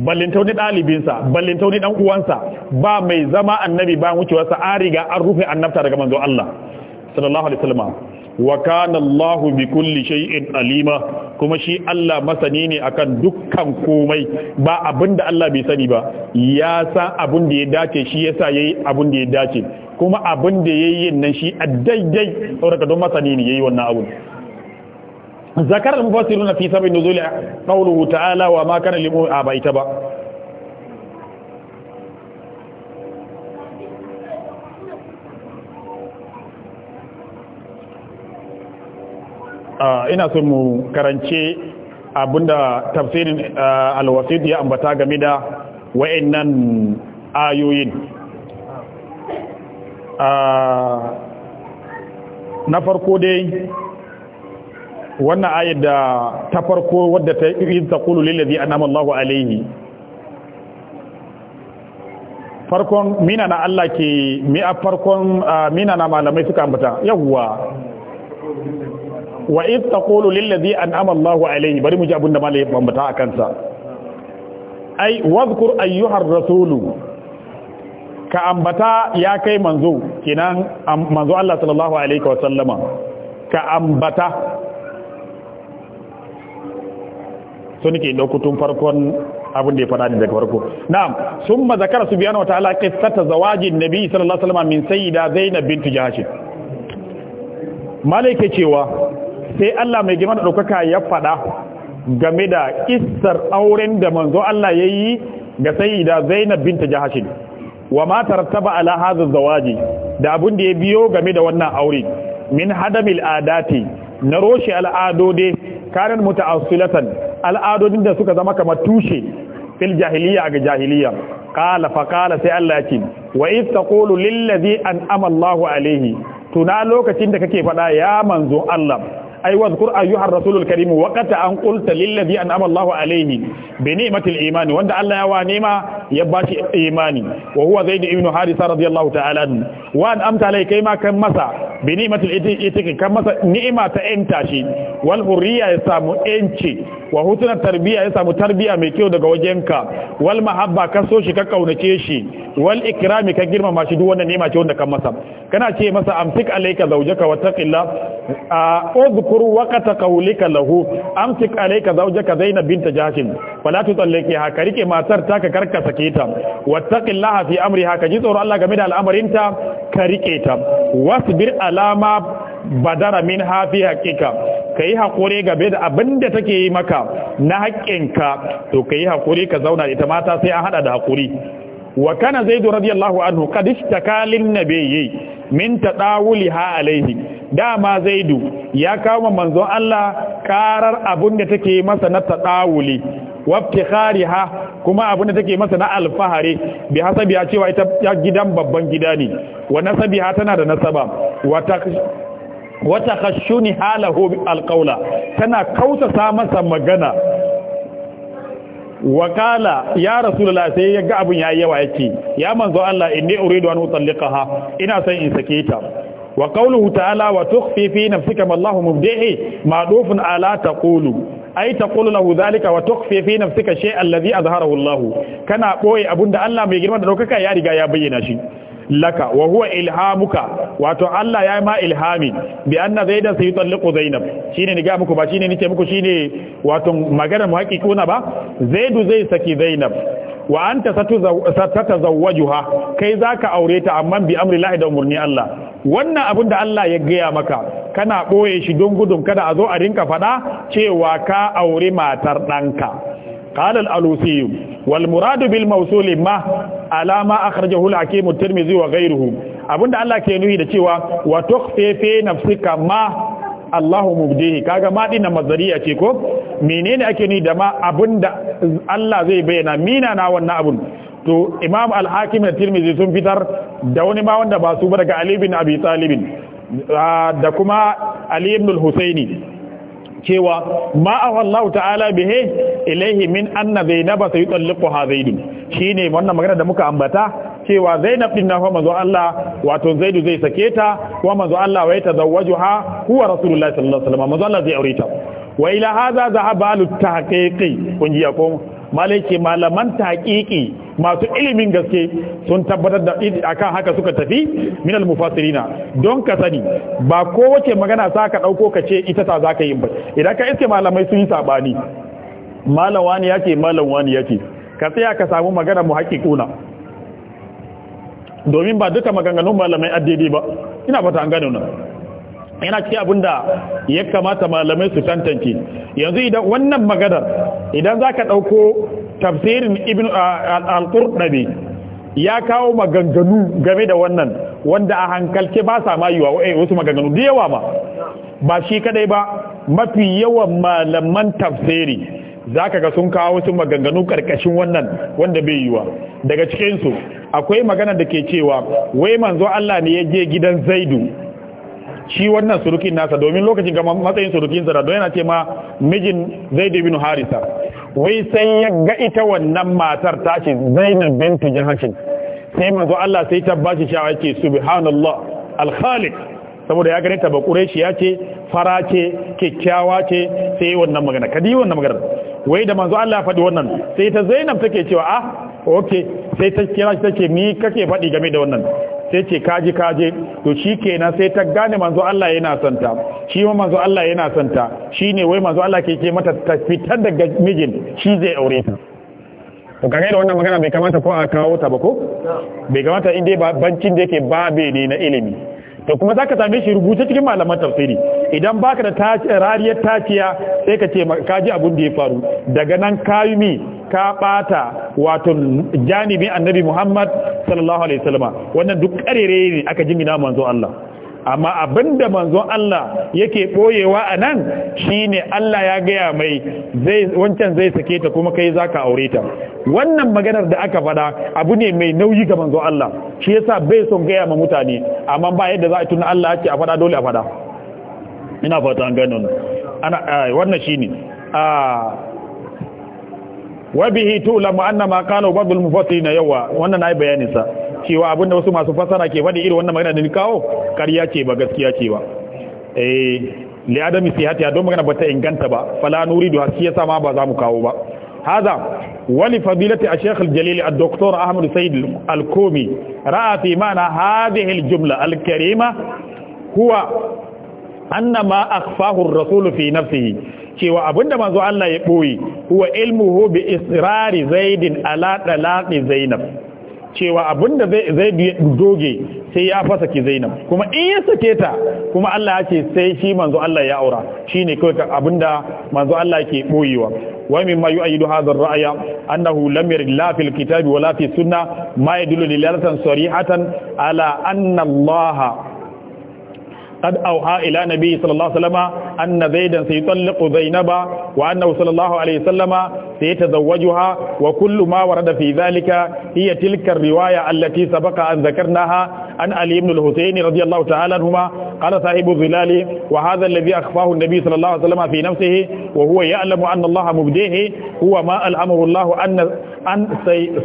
ballinta wani ɗalibinsa ballinta wani ɗan uwansa ba mai zama annabi bayan wucewarsa an riga an rufe annabta daga manzo Allah sallallahu alaihi wasallam wa kana Allahu bi kulli shay'in alima kuma shi Allah masani ne akan dukkan komai ba abinda Allah bai sani ba ya san abin da ya dace shi yasa yayi abin da ya dace kuma abin da yayi nan shi a daidai saboda don masani ne yayi wannan abin zakar al-mufassirun fi sabab nuzul qawluhu ta'ala wa ma kana limu a ba ita ba ina son mu karance abinda tafsirin al-wasid ya ambata game da wayannan ayoyin na farko dai wannan ayat da ta farko wadda ta yi taqulu lil ladhi an'ama Allahu alayhi farkon mina na Allah ke mi a farkon mina na malamai suka ambata yawwa wa id taqulu lil ladhi an'ama Allahu alayhi bari mu ji abinda malai ambata akan sa ai wadhkur ayyuhar rasulu ka ambata ya kai manzo kinan manzo Allah sallallahu alaihi wa sallama ka ambata sun ke ɗaukutun farkon abin da ya faɗa ne daga farko na'am sun ma zakara su biyana wata ala kistata zawajin nabi sallallahu alaihi wasallam min sayyida zainab bint jahsh malaike cewa sai Allah mai girma da ɗaukaka ya faɗa game da kissar auren da manzo Allah ya yi ga sayyida zainab bint jahsh wa ma ba ala hadha zawaji da abin da ya biyo game da wannan aure min hadamil adati na roshi al'adode karin muta'assilatan al'adodin da suka zama kamar tushe fil jahiliya ga jahiliya kala fa kala sai Allah ya ce wa id taqulu lil ladhi an'ama Allahu tuna lokacin da kake fada ya manzo Allah ai wazkur ayyuhar rasulul an kulta lillazi an an'ama alaihi. bi ni'matil imani wanda Allah ya wa nema ya bashi imani wa huwa zaid ibn harisa radiyallahu ta'ala wa an amta lai kai ma kan masa bi ni'matil itiki kan masa ni'ima ta enta shi wal hurriya ya samu enci wa hutuna tarbiya ya samu tarbiya mai kyau daga wajenka wal mahabba ka so shi ka kaunace shi wal ikrami ka girmama shi duk wannan ni'ima ce wanda kan masa kana ce masa amsik alayka zawjaka a udhkur waqta qawlika lahu amsik alayka zawjaka zainab bint jahsh fala tu tsallake ha rike matar ta ka karkasa sake ta wattaqillaha fi amriha ka ji tsoro Allah game da ta ka rike ta wasbir alama badara min hafi hakika ka yi haƙuri game da abin da take yi maka na haƙƙinka to ka yi haƙuri ka zauna da ita mata sai an haɗa da haƙuri wa kana zaidu radiyallahu anhu takalin ishtaka lin nabiyyi min tadawuliha alaihi dama zaidu ya kawo manzon Allah karar abun da take masa na tadawuli ha kuma abin da take masa na alfahari bi hasabiha cewa ita gidan babban gida ne wa nasabiha tana da nasaba wa wa takhashuni halahu alqawla tana kautasa masa magana wakala ya rasulullah sai ya ga abin yayi yawa yake ya manzo Allah inni uridu an utalliqaha ina son in sake ta wa qawluhu ta'ala wa tukhfi fi nafsika ma Allahu mubdihi ma'dufun ala taqulu ai taqulu lahu zalika wa tukhfi fi nafsika shay'an alladhi azharahu Allah kana boye abunda Allah mai girma da daukaka ya riga ya bayyana shi laka wa huwa ilhamuka wato Allah ya ma ilhami bi anna zaidan sai yutalliqu zainab shine ni ga muku ba shine nike muku shine wato maganar mu ba zaidu zai saki zainab wa anta satazawwajuha kai zaka aure ta amma bi amri lahi da umurni Allah wannan abin da Allah ya gaya maka kana boye shi don gudun kada a zo a rinka fada cewa ka aure matar danka قال ma ala ma akhrajahu al-hakim at-tirmidhi wa ghayruhu abinda Allah ke nuhi da cewa wa tukhfi fi nafsika ma Allahu mubdihi kaga ma din mazariya ce ko menene ake ni da ma da Allah zai bayyana mina na wannan abun to imam al-hakim da tirmizi sun fitar da wani ma wanda ba su ba daga ali bin abi talibin da kuma ali ibn al-husaini cewa ma Allah ta'ala bihe ilaihi min anna zainaba sayutalliquha zaid shine wannan magana da muka ambata cewa Zainab din nafa manzo Allah wato Zaidu zai sake ta kuma manzo Allah wai tazawwajuha huwa Rasulullahi sallallahu alaihi wasallam manzo Allah zai aure ta wa ila hadha dhahaba al tahqiqi kun ji ko malaki malaman tahqiqi masu ilimin gaske sun tabbatar da akan haka suka tafi min al mufassirina don ka sani ba kowace magana sa ka dauko ka ce ita ta zaka yi ba idan ka iske malamai sun yi sabani malam wani yake malam wani yake ka tsaya ka samu magana mu haƙiƙuna domin ba duka maganganun malamai addini ba ina fata an gano nan yana ce da ya kamata malamai su tantance yanzu idan wannan magana idan za ka ɗauko tafsirin ibn al-qurɗabi ya kawo maganganu game da wannan wanda a hankalce ba sa mayuwa eh, wasu maganganu da yawa ba ba shi kadai ba mafi yawan malaman tafsiri za ka ga sun kawo wasu maganganu karkashin wannan wanda bai yiwa daga cikinsu akwai magana da ke cewa wai manzo Allah ne ya je gidan zaidu shi wannan surukin nasa domin lokacin ga matsayin surukin sa don yana ce ma mijin Zaid ibn Harisa wai sai ya ga ita wannan matar ta ce Zainab bint Jahashin sai manzo Allah sai ta bashi shawa yake subhanallah al-khaliq saboda ya gane ta ba Quraishi ya ce fara ce kikkiawa ce sai wannan magana kadi wannan magana wai da manzo Allah ya faɗi wannan sai ta Zainab take cewa ah ok sai ta kira shi take mi kake faɗi game da wannan sai ce kaji kaje to shi kenan sai ta gane manzo Allah yana santa shi ma manzo Allah yana santa shi ne wai manzo Allah ke ke mata ta fitar daga mijin shi zai aure ta to kaga da wannan magana bai kamata ko a kawo ta ba ko bai kamata in dai bancin da yake babe ne na ilimi to kuma zaka same shi rubuce cikin malaman tafsiri idan baka da rariyar taciya sai ka ce ka ji abin da ya faru daga nan kayi mi ka bata wato janibi annabi Muhammad sallallahu alaihi wasallam wannan duk karere ne aka jingina manzo Allah amma abinda manzon Allah yake boyewa a nan shi ne Allah ya gaya mai wancan zai sake ta kuma kai zaka aure ta wannan maganar da aka faɗa abu ne mai nauyi ga manzon Allah shi yasa bai son gaya ma mutane amma ba yadda za a tuna Allah ake a faɗa dole a faɗa ina fata an gano ana wannan shi ne. wabihi tu'lamu anna ma qala ba'd al-mufassirin yawa wannan ai bayanin sa cewa abinda wasu masu fasara ke faɗi irin wannan magana da kawo ƙarya ce ba gaskiya ce ba eh li adami sihatiha don magana bata inganta ba fala do haske yasa ma ba za mu kawo ba هذا ولفضيلة الشيخ الجليل الدكتور أحمد سيد الكومي رأى في معنى هذه alkarima الكريمة هو أن ما أخفاه الرسول في نفسه cewa abinda manzo Allah ya boye huwa ilmuhu bi israri zaidin ala talaqi zainab cewa abinda zai doge sai ya fasa ki zainab kuma in ya sake ta kuma Allah ya ce sai shi manzo Allah ya aura shine kawai abinda manzo Allah ke boyewa wa mimma yu'ayyidu hadha ar-ra'ya annahu lam yarid la fil kitabi wala fi sunnah ma yadullu lilatan sarihatan ala anna Allah قد أوحى إلى نبي صلى الله عليه وسلم أن زيدا سيطلق زينبا وأنه صلى الله عليه وسلم سيتزوجها وكل ما ورد في ذلك هي تلك الرواية التي سبق أن ذكرناها عن علي بن الحسين رضي الله تعالى عنهما قال صاحب الظلال وهذا الذي أخفاه النبي صلى الله عليه وسلم في نفسه وهو يعلم أن الله مبديه هو ما الأمر الله أن an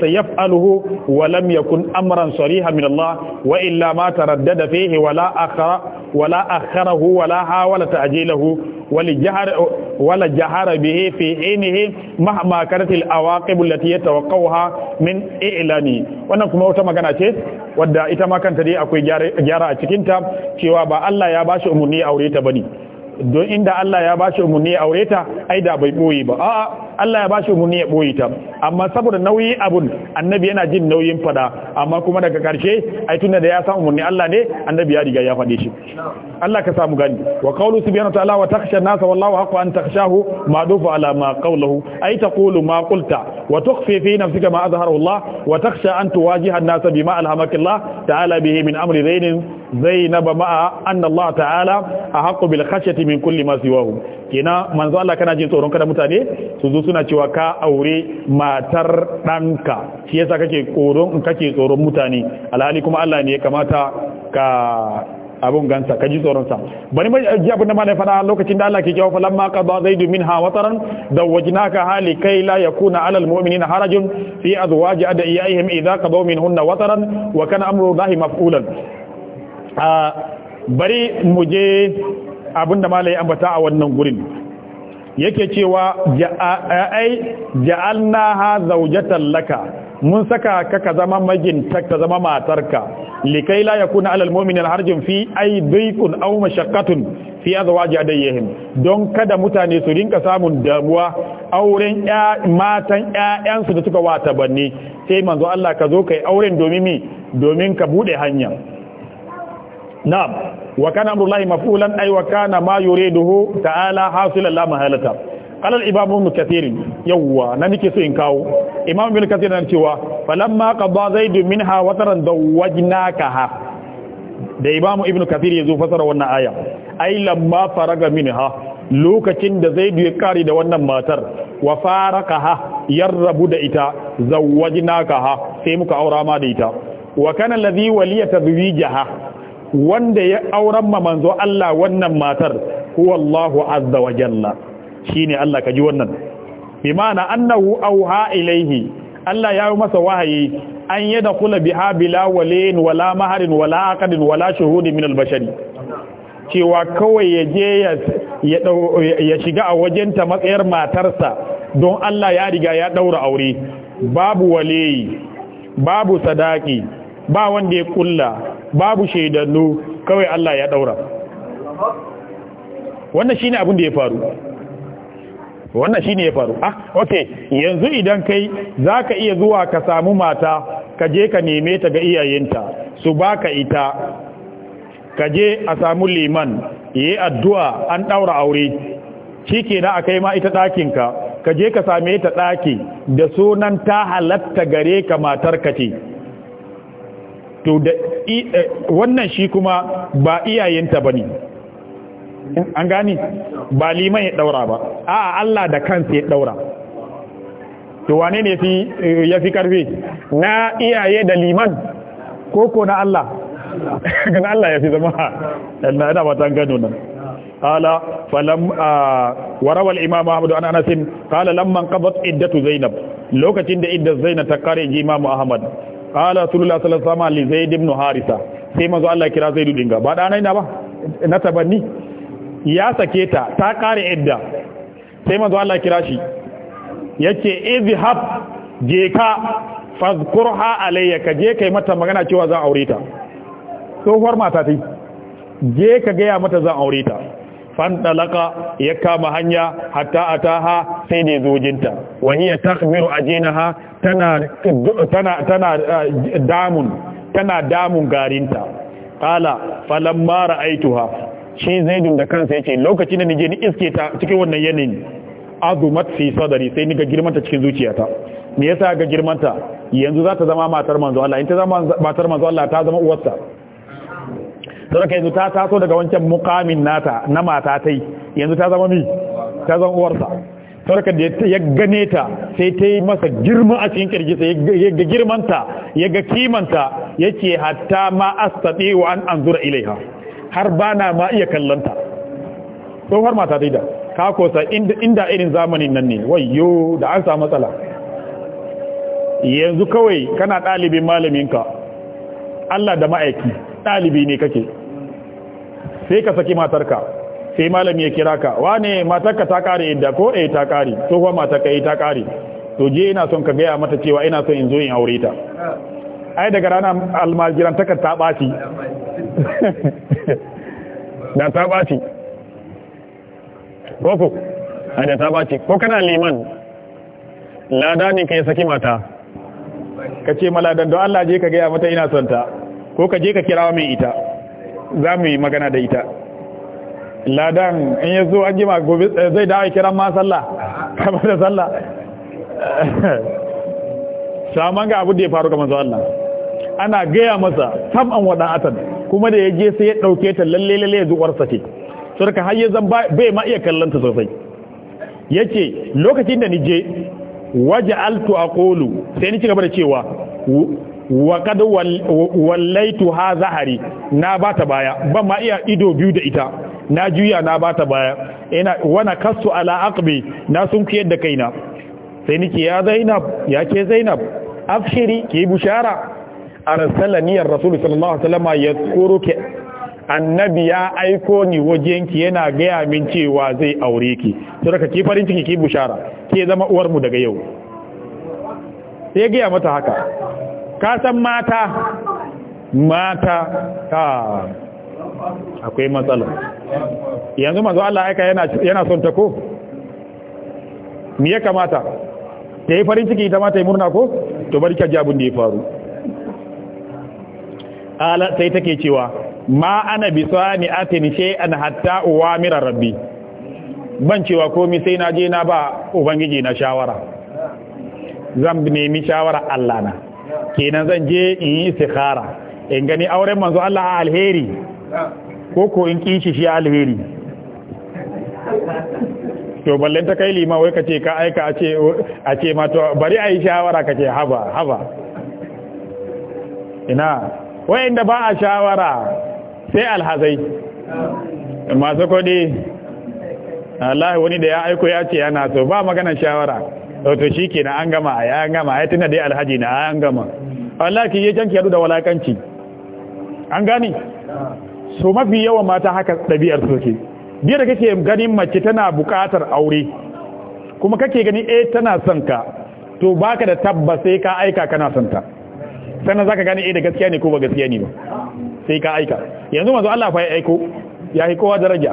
sayyafaluhu wa lam yakun amran sariha min Allah wa illa ma taraddada da wala akhara wala akharahu wala hawala ta'jilahu wala jahara bihi fi inhi mahma kanat al awaqib allati yatawaqqa'uha min i'lani wannan kuma wata magana ce wadda ita ma kanta dai akwai gyara a cikinta cewa ba Allah ya bashi umurni aure ta bane don inda Allah ya bashi umarni ya aure ta ai da bai boye ba a'a Allah ya bashi umarni ya boye ta amma saboda nauyi abun annabi yana jin nauyin fada amma kuma daga karshe ai tunda da ya san umarni Allah ne annabi ya riga ya fade shi Allah ka samu gani wa qawlu subhanahu wa ta'ala wa takhsha an-nas wallahu haqqu an takhshahu ma'dufu ala ma qawluhu ai taqulu ma qulta wa tukhfi fi nafsika ma azhara Allah wa takhsha an tuwajiha an-nas bima alhamaka Allah ta'ala bihi min amri zainin zainaba ma'a anna Allah ta'ala ahqqu bil khashyati min kulli ma siwahu kina manzo Allah kana jin tsoron kada mutane su zo suna cewa ka aure matar danka shi yasa kake koron kake tsoron mutane alhali kuma Allah ne ya kamata ka abun ka ji tsoronsa bani mai ji abin da ma fada lokacin da Allah ke jawo falamma qada zaidu minha wataran dawajnaka hali kai la yakuna alal mu'minina harajun fi azwaji adiyahim idza qadaw minhunna wataran wa kana amru dahi maf'ulan a bari mu je abinda malai ambata a wannan gurin yake cewa ai ja'alna ha zaujatan laka mun saka ka ka zama majinta ka zama matarka likai la yakuna alal mu'minin harjin fi ai dayqun aw mashaqqatun fi azwaji adayhim don kada mutane su rinka samun damuwa auren matan ƴaƴansu da suka wata banni sai manzo Allah ka zo kai auren domin mi domin ka bude hanya na'am wa kana amrullahi mafulan ay wa kana ma yuriduhu ta'ala hasilan la mahalata qala al-imam ibn yawwa na nike so in kawo imam ibn kathir nan cewa falamma qada zaid minha wataran dawajnakaha da imam ibn kathir yazo fasara wannan aya ay lamma min ha? lokacin da zai ya kare da wannan matar wa farakaha yarrabu da ita zawwajnakaha sai muka aura ma da ita wa kana alladhi waliya tadwijaha wanda ya auren ma manzo Allah wannan matar huwallahu azza wa jalla shine Allah kaji wannan bi ma'ana annahu auha ilaihi Allah ya yi masa wahayi an yada kula biha bila walin wala maharin wala aqdin wala shuhudin min al-bashari cewa kawai ya je ya shiga a wajenta matsayar matarsa don Allah ya riga ya daura aure babu walayi babu sadaki ba wanda ya kulla babu shaidannu kawai Allah ya daura wannan shine abin da ya faru wannan shine ya faru ah okay yanzu idan kai zaka iya zuwa ka samu mata ka je ka neme ta ga iyayenta su baka ita ka je a samu liman yi addu'a an daura aure shikenan akai ma ita ɗakinka ka ka je ka same ta ɗaki da sunan ta halatta gare ka matar ka to da eh, wannan shi kuma ba iyayenta ba ne an gani ba liman ya daura ba a Allah da kansa ya daura to wane ne eh, ya fi karfi na iyaye da liman koko na Allah [LAUGHS] na Allah ya fi zama na yana matan gano nan قال فلم آه وروى الامام an عن انس قال لما انقضت Zainab, lokacin da Iddat Zainab ta kare امام Ahmad. qala sallallahu alaihi wasallam li zaid ibn harisa sai manzo Allah kira din ga ba da nan ba na tabanni ya sake ta ta kare idda sai manzo Allah kira shi yace izhab je ka fazkurha alayya ka je kai mata magana cewa zan aure ta tsohuwar mata tai je ka ga ya mata zan aure ta fandalaka ya kama hanya hatta ataha sai da zojinta wa hiya takmiru ajinaha tana tana tana eh, damun tana damun garinta qala falamma ra'aituha shi zaidun da kansa yace lokacin da nije ni iske ta cikin wannan yanayin azumat fi sadari sai ni ga girmanta cikin zuciyata me yasa ga girmanta yanzu za ta zama matar manzo Allah in ta zama matar manzo Allah ta zama uwarsa don haka yanzu ta taso daga wancan mukamin nata na mata ta yanzu ta zama mi ta zama uwarsa don haka da ya gane ta sai ta yi masa girma a cikin kirgisa ya ga girmanta ya ga kimanta ya ce hatta ma astaɗe wa an an zura ilaiha har ba na ma iya kallanta har mata ta yi da ka kosa inda irin zamanin nan ne wayo da an samu matsala yanzu kawai kana ɗalibin malaminka Allah da ma'aiki ɗalibi ne kake sai ka saki matarka sai malami ya kira ka wane matarka ta kare yadda ko eh ta kare to kuma matarka ita eh, ta kare to je ina son ka gaya mata cewa ina son in zo in aure ta ai daga rana almajiran ta ta baci [LAUGHS] da ta baci koko ai da ta baci ko kana liman lada ne kai saki mata ka ce maladan don Allah je ka gaya mata ina son ta ko ka je ka kira mai ita za mu yi magana da ita ladan in ya zo an jima gobe eh, zai dawo kiran ma sallah [LAUGHS] kamar da sallah saman [LAUGHS] ga abu da ya faru kamar zuwa Allah ana gaya masa sam'an waɗan atan kuma da ya je sai ya ɗauke ta lalle lalle ya zuwarsa ce surka har ya zan bai ma iya kallonta sosai ya ce lokacin da ni je waje altu a kolu sai ni ci gaba da cewa wa wallaitu ha zahari na bata baya ban ma iya ido biyu da ita na juya na bata baya ina wana kasu ala aqbi na sun kiyar da kaina sai nake ya zainab ya ke zainab afshiri ki bushara arsalani ar-rasul sallallahu alaihi wasallam annabi ya aiko ni wajenki yana gaya min cewa zai aure ki to daga ki farin ciki ki bushara ke zama uwar mu daga yau sai gaya mata haka ka san mata mata ta akwai matsala yanzu manzo Allah aika yana yana son ta ko me ya kamata ta yi farin ciki ita mata ta yi murna ko to bari ka ji da ya faru ala sai take cewa ma ana ni atin an hatta mira rabbi ban cewa komai sai na je na ba ubangiji na shawara zan nemi shawara Allah na kenan zan je in yi istikhara in gani auren manzo Allah a alheri ko ko in kishi shi alheri to ballen ta kai lima wai kace ka aika a ce a ce ma to bari a yi shawara kace haba haba ina wayanda ba a shawara sai alhazai masu kodi Allah wani da ya aiko ya ce yana so ba maganar shawara to shikenan an gama ya an gama ya tuna dai alhaji na an gama Allah ki ya janki yadu da walakanci an gani so mafi yawan mata haka ɗabi'ar suke biyar da kake ganin mace tana buƙatar aure kuma kake gani eh tana son ka to baka da tabbas sai ka aika kana son ta sannan zaka gani eh da gaskiya ne ko ba gaskiya ne ba sai ka aika yanzu manzo Allah fa ya aiko ya yi kowa daraja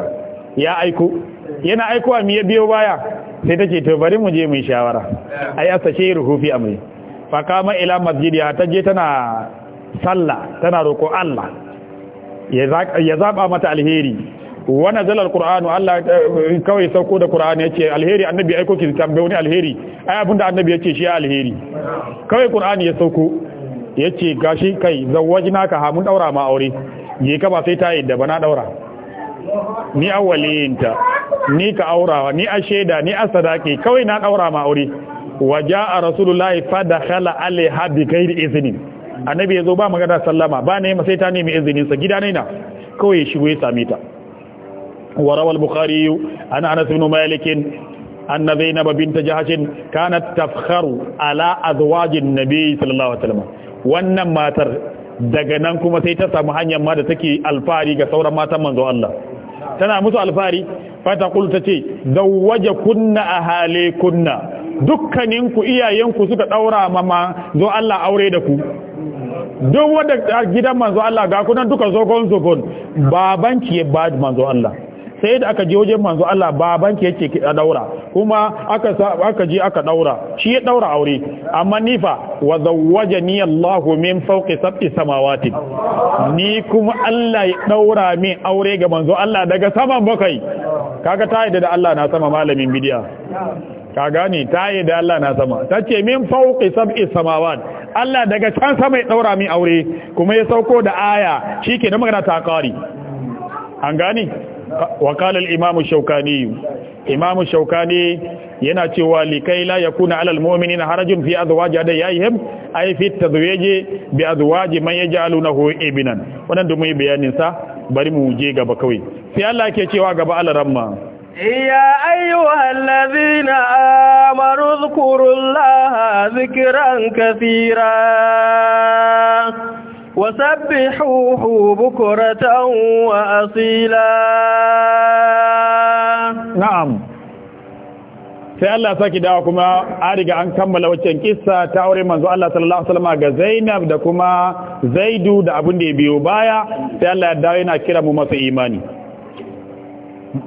ya aiko yana aikowa mi ya biyo baya sai tace to bari mu je mu shawara ai asashe ruhu fi amri fa kama ila masjidi ta je tana sallah tana roko Allah ya zaba mata alheri wa nazala alqur'anu Allah eh, kawai sauko da qur'ani yace alheri annabi aiko ki tambaye ni alheri ai abinda annabi yace shi alheri kawai qur'ani ya sauko yace gashi kai ka ha mun daura ma aure je ka ba sai ta yadda ba na daura ni awwalinta ni ka aurawa ni a shaida ni a sadaki kawai na daura ma aure waja a rasulullahi fada khala alaiha kai da izinin annabi yazo ba magana sallama ba ne sai ta nemi izinin sa gida ne na kawai ya shigo ya same ta wa Bukhari bukhari ana anas ibn malik anna zainab bint jahashin kanat tafkharu ala azwajin nabi sallallahu alaihi wasallam wannan matar daga nan kuma sai ta samu hanyar ma da take alfari ga sauran matan manzo Allah tana musu alfari fata qul tace kunna ahale kunna dukkaninku iyayenku suka daura mama zo Allah aure da ku duk wanda gidan manzo Allah ga kunan duka zogon zogon babanki ya ba manzo Allah sai da aka je wajen manzo Allah babanki yake ki daura kuma aka aka je aka daura shi ya daura aure amma nifa wa zawwajani Allahu min fawqi sab'i samawati ni kuma Allah ya daura min aure ga manzo Allah daga saman bakai kaga ta yadda da Allah na sama malamin bidiya ka gani ta yi da Allah na sama ta ce min fauƙi sab'i samawat Allah daga can sama ya ɗaura min aure kuma ya sauko da aya shi ke da magana ta ƙari an Gani wakalar imamu shaukani imamu shaukani yana cewa likai la yakuna alal mu'minin harajun fi azwaji adayhim ay fi tazwiji bi azwaji man yaj'alunahu ibnan wannan da mu yi bayanin sa bari mu je gaba kawai sai Allah ke cewa gaba alaramma يا أيها الذين آمنوا اذكروا الله ذكرا كثيرا وسبحوه بكرة وأصيلا نعم sai Allah saki dawa kuma a riga an kammala waccan kissa ta aure manzo Allah sallallahu alaihi wasallam ga Zainab da kuma Zaidu da abin da ya biyo baya sai Allah ya dawo yana kira mu masa imani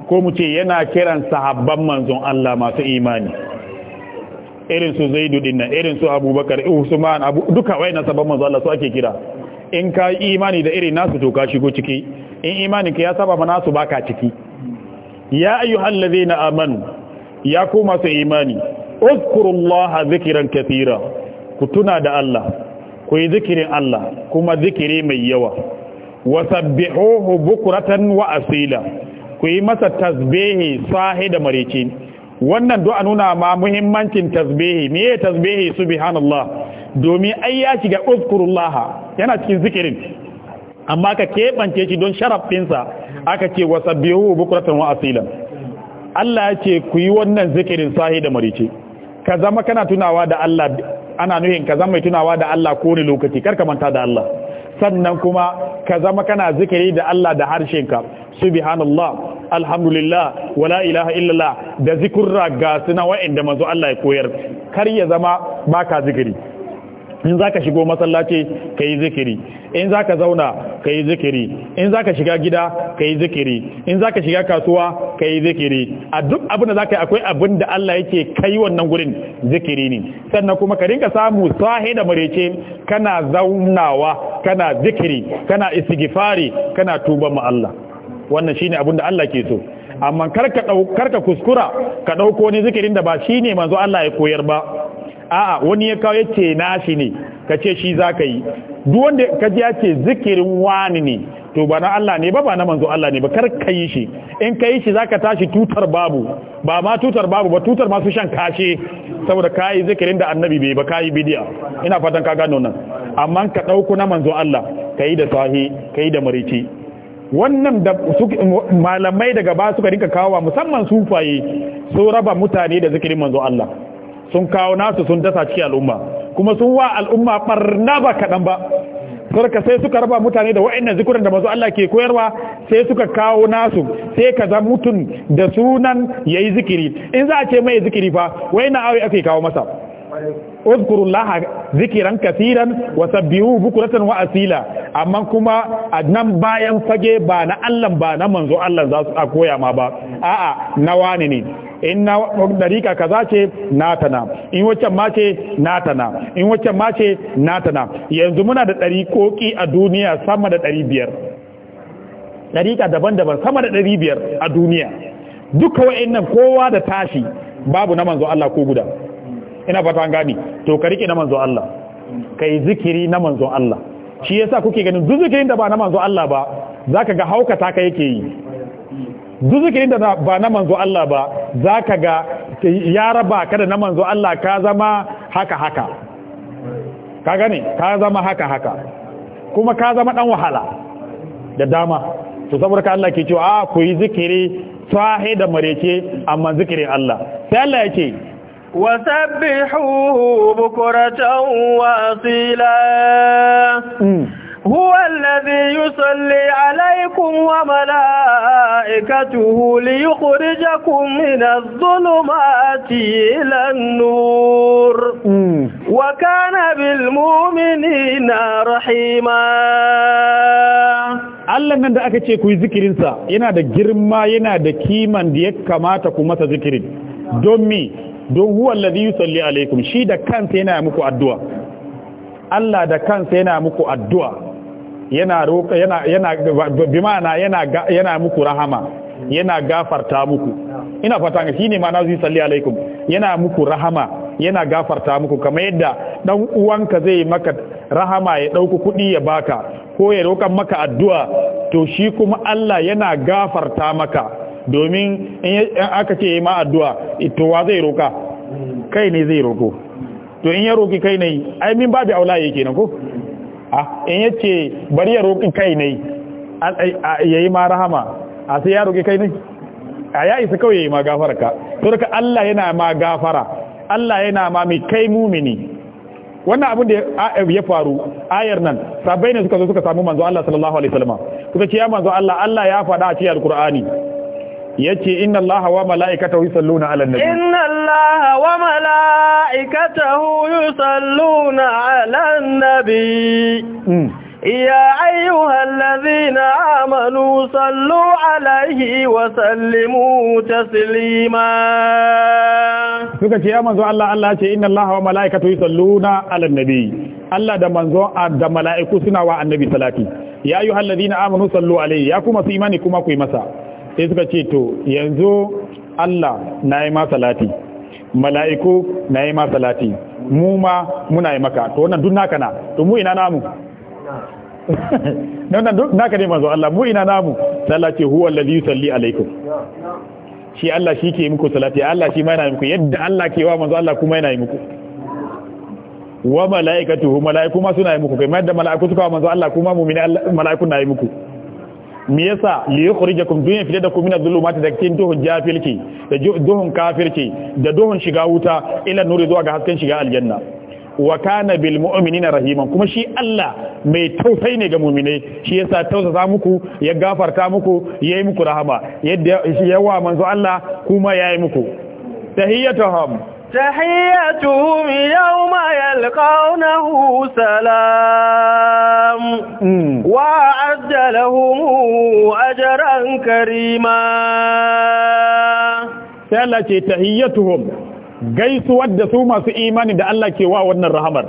ko mu ce yana kiran sahabban manzon Allah masu imani irin su zaidu dinna irin su abubakar usman abu duka na sahabban manzon Allah su ake kira in ka imani da irin nasu to ka shigo ciki in imani ka ya saba mana su baka ciki ya ayyuhal ladzina amanu ya ku masu imani uzkurullaha zikran katira ku tuna da Allah ku yi zikirin Allah kuma zikiri mai yawa wasabbihuhu bukratan wa asila ku yi masa tasbihi sahi da mareci wannan a nuna ma muhimmancin tasbihi me ya tasbihi subhanallah domin ai ya shiga uzkurullah yana cikin zikirin amma ka keɓance shi don sharafinsa aka ce wa sabbihu bukratan wa asila Allah ya ce ku yi wannan zikirin sahi da mareci ka zama kana tunawa da Allah ana nuhin ka zama mai tunawa da Allah ko ne lokaci karka manta da Allah sannan kuma ka zama kana zikiri da Allah da harshenka subhanallah alhamdulillah wala ilaha illallah da zikurra ga suna wa'anda manzo Allah ya koyar kar ya zama baka zikiri in zaka shigo masallaci kai zikiri in zaka zauna kai zikiri in zaka shiga gida kai zikiri in zaka shiga kasuwa kai zikiri a duk abin da zaka yi akwai abin da Allah yake kai wannan gurin zikiri ne sannan kuma ka rinka samu sahi da murece kana zaunawa kana zikiri kana istighfari kana tuba ma Allah wannan shine abin da Allah ke so amma karka karka kuskura ka ɗauko ne zikirin da ba shine manzo Allah ya koyar ba a'a wani ya kawo yace nashi ne kace shi ka yi duk wanda kaji ya ce zikirin wani ne to ba na Allah ne ba ba na manzo Allah ne ba kar yi shi in ka yi shi zaka tashi tutar babu ba ma tutar babu ba tutar masu shan kashe saboda kai zikirin da annabi bai ba kai bidiya ina fatan ka gano nan amma ka dauko na manzo Allah kai da sahi kai da marici wannan da malamai daga ba suka rinka kawo musamman sufaye sun raba mutane da zikirin manzo Allah sun kawo nasu sun dasa cikin al'umma kuma sun wa al'umma barna ba kaɗan ba sarka sai suka raba mutane da wa'annan zikuran da manzo Allah ke koyarwa sai suka kawo nasu sai ka zama mutum da sunan yayi zikiri in za a ce mai zikiri fa wai na awi ake kawo masa uzkurullaha zikiran kafiran wa sabbihu bukuratan wa asila amma kuma nan bayan fage ba na Allah ba na manzo Allah za su ba a'a na wani ne in na dariƙa kaza ce nata na in waccan ma ce nata in waccan ma ce nata yanzu muna da ɗariƙoƙi a duniya sama da ɗari biyar ɗariƙa daban-daban sama da ɗari biyar a duniya duka wa'in nan kowa da tashi babu na manzo Allah ko guda ina fata an gani to ka rike na manzo Allah kai zikiri na manzo Allah shi yasa kuke ganin duk zikirin da ba na manzo Allah ba zaka ga haukata ka yake yi duk zikirin da ba na manzo Allah ba zaka ga ya raba ka da na manzo Allah ka zama haka haka ka gane ka zama haka haka kuma ka zama dan wahala da dama to saboda ka Allah ke cewa a ku yi zikiri sahe da mareke amma zikirin Allah sai Allah yake وسبحوه بكرة واصيلا هو الذي يصلي عليكم وملائكته ليخرجكم من الظلمات إلى النور وكان بالمؤمنين رحيما Allah nan da aka ce ku yi zikirinsa yana da girma yana da kiman da ya kamata ku masa zikirin don me don huwa alladhi yusalli alaikum shi da kansa yana muku addu'a Allah da kansa yana muku addu'a yana yana yana bi ma'ana yana yana muku rahama yana gafarta muku ina fata ga shine ma'ana zai salli alaikum yana muku rahama yana gafarta muku kamar yadda dan uwanka zai maka rahama ya dauki kudi ya baka ko ya roƙa maka addu'a to shi kuma Allah yana gafarta maka domin in aka ce ma addu'a to wa zai roka kai ne zai roko to in ya roki kai ne ai min babu aula yake nan ko a ah, in yace bari ya roki kai ne yayi ma rahama a sai ya roki kai ne a ya isa kawai yayi ma ka to daga Allah yana ma gafara Allah yana ma mai kai mumini wannan abin da ya faru ayar nan sabai ne suka zo suka samu manzo Allah sallallahu alaihi wasallam suka ce ya manzo Allah Allah ya faɗa a cikin alqur'ani yace inna allaha wa mala'ikatahu yusalluna 'alan nabi inna allaha wa mala'ikatahu yusalluna 'alan nabi يا أيها الذين آمنوا صلوا عليه وسلموا تسليما suka ce ya manzo Allah Allah ce inna Allah wa malaikatu yusalluna ala nabi Allah da manzo da mala'iku suna wa annabi salati ya ayyuhal ladina amanu sallu alaihi ya kuma su imani kuma ku yi masa sai suka ce to yanzu Allah na yi ma salati mala'iku na yi ma salati mu ma muna yi maka to wannan duk naka na to mu ina namu na [LAUGHS] wannan duk naka ne manzo Allah mu ina namu Allah ce huwa Salli yusalli alaikum shi Allah shi ke yi muku salati Allah shi ma yana muku yadda Allah ke wa manzo Allah kuma yana yi muku wa mala'ikatu mala'iku ma suna yi muku kai ma yadda mala'iku suka wa manzo Allah kuma mu'mini mala'iku na yi muku me yasa li yukhrijakum dunya fi da min adh-dhulumati da kin duhun jafilki da duhun kafirki da duhun shiga wuta ila nuri zuwa ga hasken shiga aljanna wa kana bil mu'minina rahiman kuma shi Allah mai tausayi ne ga mu'minai shi yasa tausasa muku ya gafarta muku yayi muku rahama yadda yawa manzo Allah kuma yayi muku tahiyyatuhum تحيتهم يوم يلقونه سلام وأعد لهم أجرا كريما سألة تحيتهم gaisu wadda su masu imani da Allah ke wa wannan rahamar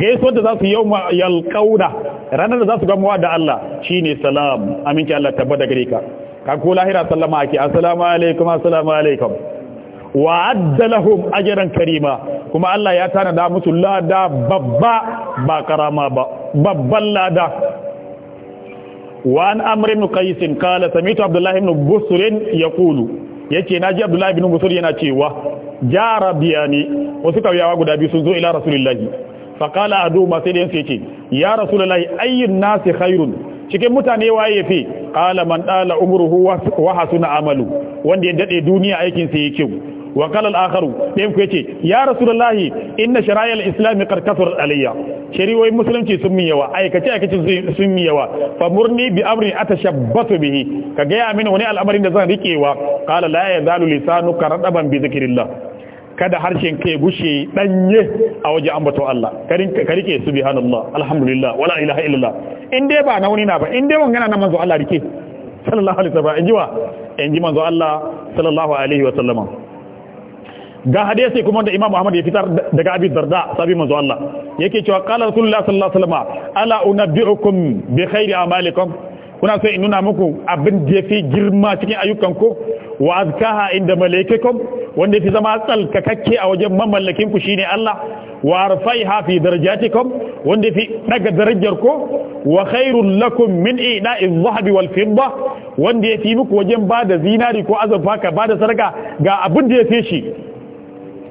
gaisu wadda za su yau yalkauna ranar da za su gamuwa da Allah shine salam aminci Allah tabbata gare ka ka ko lahira sallama ake wa addalahum ajran karima kuma Allah ya tana da musu lada babba ba karama ba babban lada wa an amr ibn qala sami'tu abdullah ibn busr yaqulu yace naji abdullah ibn busr yana cewa jara biyani wasu kauyawa guda biyu sun zo ila rasulillahi fa qala adu ma yake dan yace ya rasulullahi ayyun nasi khairun cikin mutane waye fi qala man dala umruhu wa hasuna amalu wanda ya dade duniya aikin sa yake kyau wa qala al ku yace ya rasulullahi inna shara'il islam qad kasar alayya shari'o'i musulunci sun min yawa aikace aikace sun min yawa fa murni bi amri atashabbatu bihi ka ga ya mini wani al'amarin da zan rikewa qala bi kada harshen kai bushe danye a waje ambato Allah ka rike subhanallah alhamdulillah wala ilaha illallah in dai ba na wani na ba in dai wangana na manzo Allah rike sallallahu alaihi manzo Allah sallallahu alaihi ga hadisi kuma da Imam Ahmad ya fitar daga Abi Darda sabi manzo Allah yake cewa qala Rasulullah sallallahu alaihi wasallam ala unabbiukum bi khairi amalikum kuna so in nuna muku abin da yafi girma cikin ayyukan ku wa azkaha inda malaikakum wanda fi zama tsalkakakke a wajen mamallakin ku shine Allah wa arfaiha fi darajatikum wanda fi daga darajar ku wa khairul lakum min ina'iz zahabi wal fidda wanda yafi muku wajen bada zinari ko azurfa ka bada sarka ga abin da yafi shi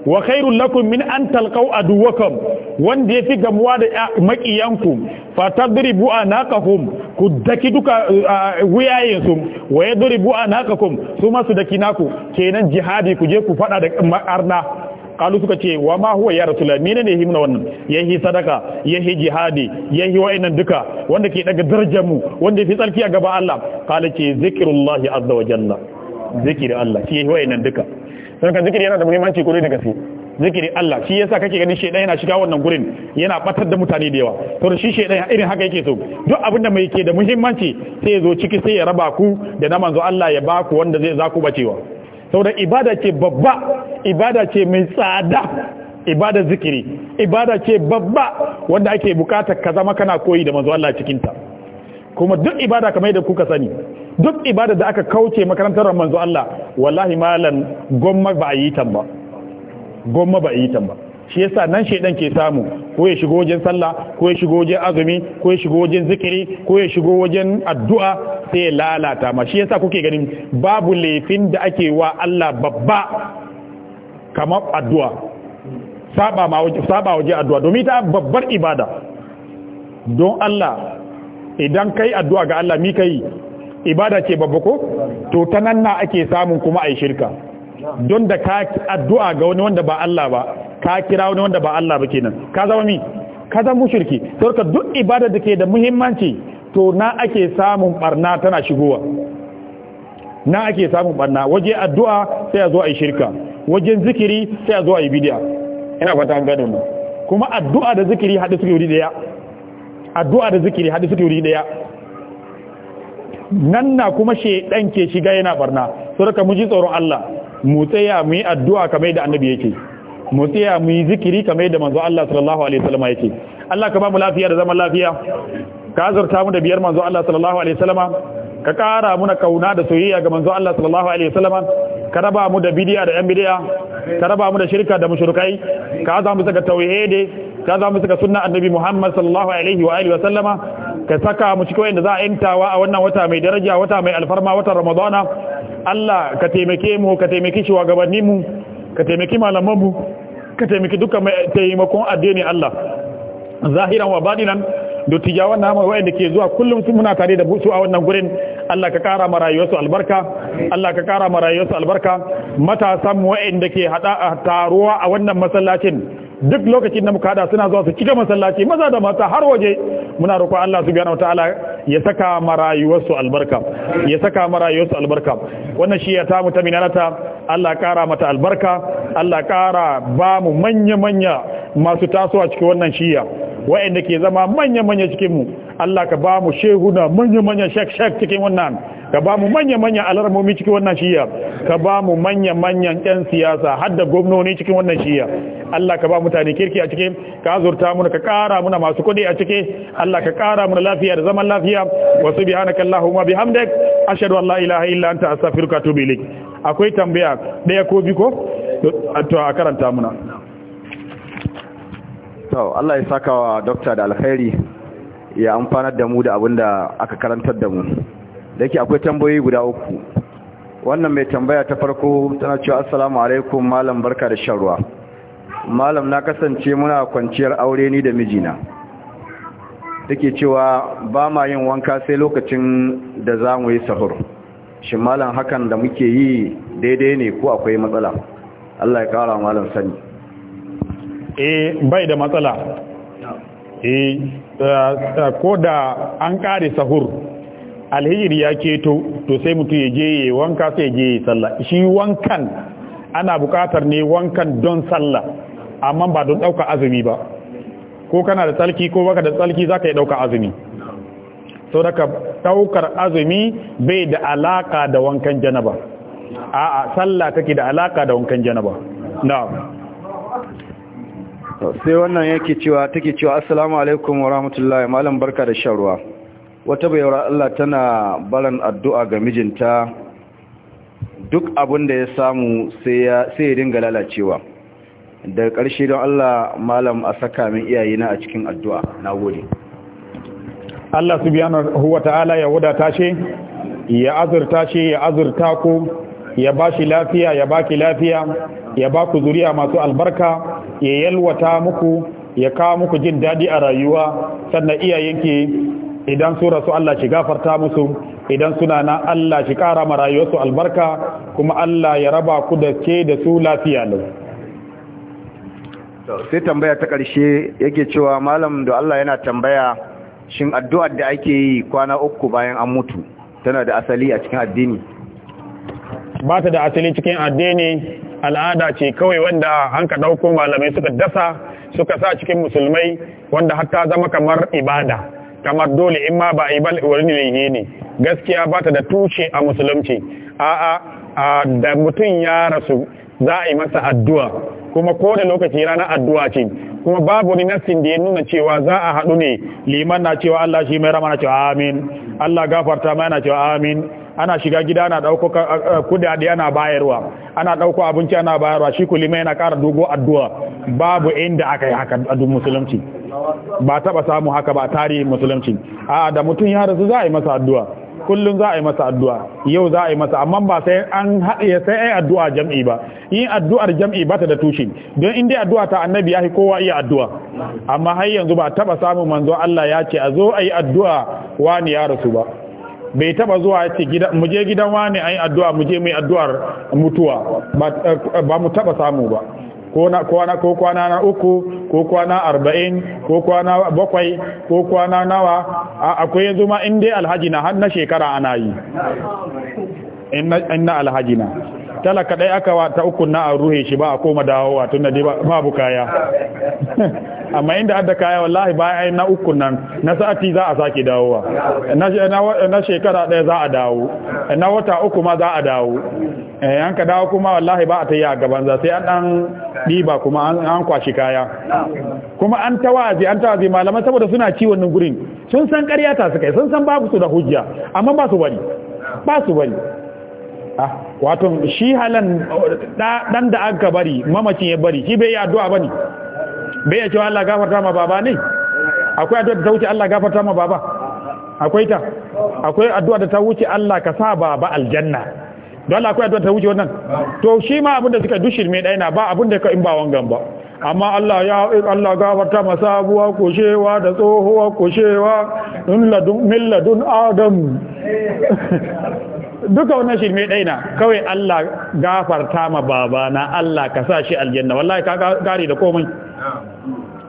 wa khairul lakum min an talqaw aduwakum wanda yafi gamuwa da makiyanku fatadribu anaqahum ku daki duka wuyayen su wa yadribu anaqakum su ma su daki naku kenan jihadi ku je ku fada da arna kalu suka ce wa ma huwa ya rasulullah mene ne himna wannan yahi sadaka yahi jihadi yahi wa'annan duka wanda ke daga darajar mu wanda yafi tsarki a gaba Allah kala ce zikrullahi azza wa jalla zikri Allah shi yahi wa'annan duka don ka zikiri yana da muhimmanci kore da gaske zikiri Allah shi yasa kake gani shedan yana shiga wannan gurin yana batar da mutane da yawa to shi shedan irin haka yake so duk abin da mai ke da muhimmanci sai ya zo ciki sai ya raba ku da na manzo Allah ya ba ku wanda zai za ku bacewa saboda ibada ce babba ibada ce mai tsada ibada zikiri ibada ce babba wanda ake bukatar ka zama kana koyi da manzo Allah cikin ta kuma duk ibada kamar yadda kuka sani duk ibada da aka kauce makarantar manzo Allah wallahi malan gomma ba a yi tan ba gomma ba a yi tan ba shi yasa nan shedan ke samu ko ya shigo wajen sallah ko ya shigo wajen azumi ko ya shigo wajen zikiri ko ya shigo wajen addu'a sai ya lalata ma shi yasa kuke ganin babu laifin da ake wa Allah babba kamar addu'a saba ma waje saba waje addu'a domin ta babbar ibada don Allah idan kai addu'a ga Allah mi kai ibada ce babba ko to ta nan na ake samun kuma ai shirka don da ka addu'a ga wani wanda ba Allah ba ka kira wani wanda ba Allah ba kenan ka zama mi ka zama mushriki ka duk ibada da ke da muhimmanci to na ake samun barna tana shigowa na ake samun barna waje addu'a sai a zo a yi shirka wajen zikiri sai a zo a yi bidiya ina fata an gano kuma addu'a da zikiri hadu suke wuri daya addu'a da zikiri hadu suke wuri daya nan na kuma ɗan ke shiga yana barna so ka mu ji tsoron Allah mu tsaya mu yi addu'a kamar da annabi yake mu tsaya mu yi zikiri kamar da manzo Allah sallallahu alaihi wasallama yake Allah ka ba mu lafiya da zaman lafiya ka zarta mu da biyar manzo Allah sallallahu alaihi wasallama ka kara muna kauna da soyayya ga manzo Allah sallallahu alaihi wasallama ka raba mu da bidiya da yan bidiya ka raba mu da shirka da mushrikai ka za mu saka tauhidi ka za mu saka sunna annabi Muhammad sallallahu alaihi wa alihi wa sallama ka saka mu cikin wanda za a intawa a wannan wata mai daraja wata mai alfarma watan ramadana Allah ka taimake mu ka taimake shugabannin mu ka taimake malaman mu ka taimake dukkan mai taimakon addini Allah zahiran wa badinan dottijawan na mai wayanda ke zuwa kullum sun muna tare da busu a wannan gurin Allah ka kara ma rayuwarsu albarka Allah ka kara ma albarka matasan ke hada a taruwa a wannan masallacin duk lokacin da muka hada suna zuwa su cika masallaci maza da mata har waje muna roƙon Allah subhanahu wataala ya saka marayuwarsu albarka ya saka marayuwarsu albarka wannan shi ya ta mu ta minalata Allah kara mata albarka Allah kara ba mu manya manya masu tasowa cikin wannan shiya wa'anda ke zama manya manya cikin mu Allah ka ba mu shehuna manya manya shek shek cikin wannan ka ba mu manya-manyan alarmomi cikin wannan shiya ka ba mu manya-manyan 'yan siyasa har da gwamnoni cikin wannan shiya Allah ka ba mutane kirki a cikin ka azurta muna ka kara muna masu kuɗi a cikin Allah ka kara muna lafiya da zaman lafiya wa subhanaka allahumma bihamdik ashhadu an la ilaha illa anta astaghfiruka wa atubu akwai tambaya daya ko bi ko to a karanta muna to Allah ya saka wa doctor da alkhairi ya amfanar da mu da abinda aka karantar da mu da yake akwai tambayoyi guda uku wannan mai tambaya ta farko tana cewa assalamu alaikum malam barka da shan ruwa malam na kasance muna kwanciyar aure ni da mijina take cewa ba ma yin wanka sai lokacin da za mu yi sahur shi malam hakan da muke yi daidai ne ko akwai matsala Allah ya kara malam sani eh bai da matsala eh, eh ko da an kare sahur alhijiri ya keto to sai mutum ya je ya wanka sai ya je ya sallah shi wankan ana bukatar ne wankan don sallah amma ba don dauka azumi ba ko kana da tsalki ko baka da tsalki zaka yi dauka azumi to daga daukar azumi bai da alaka da wankan janaba a'a sallah take da alaka da wankan janaba na'am sai wannan yake cewa take cewa assalamu alaikum wa rahmatullahi malam barka da sharuwa. wata bayar Allah tana baran addu'a ga mijinta duk abin da ya samu sai ya ringa lalacewa daga ƙarshe don Allah malam a saka min iyayena a cikin addu'a na gode Allah subhanahu wa ta'ala ya wadata tashe ya azurta shi ya azurta ku ya ba shi lafiya ya ba ki lafiya ya ba ku zuriya masu albarka ya yalwata muku ya kawo muku jin daɗi a rayuwa sannan iyayenki idan su rasu Allah shi gafarta musu idan suna na Allah shi kara ma rayuwarsu albarka kuma Allah ya raba ku da ke da su lafiya lau sai tambaya ta ƙarshe yake cewa malam da Allah yana tambaya shin addu'ar da ake yi kwana uku bayan an mutu tana da asali a cikin addini ba ta da asali cikin addini al'ada ce kawai wanda an ka malamai suka dasa suka sa cikin musulmai wanda hatta zama kamar ibada kamar dole in ma ba a yi ba wani laihi ne gaskiya ba ta da tushe a musulunci a'a a da mutum ya rasu za a yi masa addu'a kuma ko da lokaci ranar addu'a ce kuma babu ni nassin da ya nuna cewa za a haɗu ne liman na cewa Allah shi mai rama na cewa amin Allah gafarta mai na cewa amin ana shiga gida ana dauko kudade ana bayarwa ana dauko abinci ana bayarwa shi kulima yana kara dogo addu'a babu inda aka yi haka a musulunci ba taba samu haka ba tarihin musulunci a da mutum ya rasu za a yi masa addu'a kullum za a yi masa addu'a yau za a yi masa amma ba sai an haɗe sai ai addu'a jam'i ba yin addu'ar jam'i ba ta da tushe don in addu'a ta annabi ya kowa iya addu'a amma har yanzu ba taba samu manzo Allah ya ce a zo a yi addu'a wani ya rasu ba bai taba zuwa ya ce mu je gidan wani ayi addu'a mu je mai addu'ar mutuwa ba mu taba samu ba ko kwana ko kwana na uku ko kwana arba'in ko kwana bakwai ko kwana nawa akwai yanzu ma in dai alhaji na har na shekara ana yi in na alhaji na talaka ɗaya aka ta uku na a ruhe shi ba a koma dawowa tun da ba babu kaya [LAUGHS] amma inda adda kaya wallahi bayan na uku nan na sati za a sake dawowa na shekara ɗaya za a dawo na wata uku ma za a dawo eh, an ka dawo kuma wallahi ba a ta yi a gaban za sai an ɗan ɗiba kuma an kwashi kaya kuma an tawazi an tawazi malamai saboda suna ciwon nan gurin sun san ƙarya ta su kai sun san babu su da hujja amma ba su bari ba su bari ah, wato shi halan dan da aka bari mamacin ya bari shi bai yi addu'a bane bai ya cewa Allah gafarta ma baba ne akwai addu'a da ta wuce Allah gafarta ma baba akwai ta akwai addu'a da ta wuce Allah ka sa baba aljanna don Allah akwai addu'a da ta wuce wannan to shi ma abin da suka dushin mai daina ba abinda da ka in ba wangan ba amma Allah ya Allah gafarta ma sabuwa kushewa da tsohuwa kushewa min ladun min ladun adam duka wannan shi mai ɗaina, kawai Allah gafarta ma baba na Allah ka sa shi aljanna wallahi ka kare da komai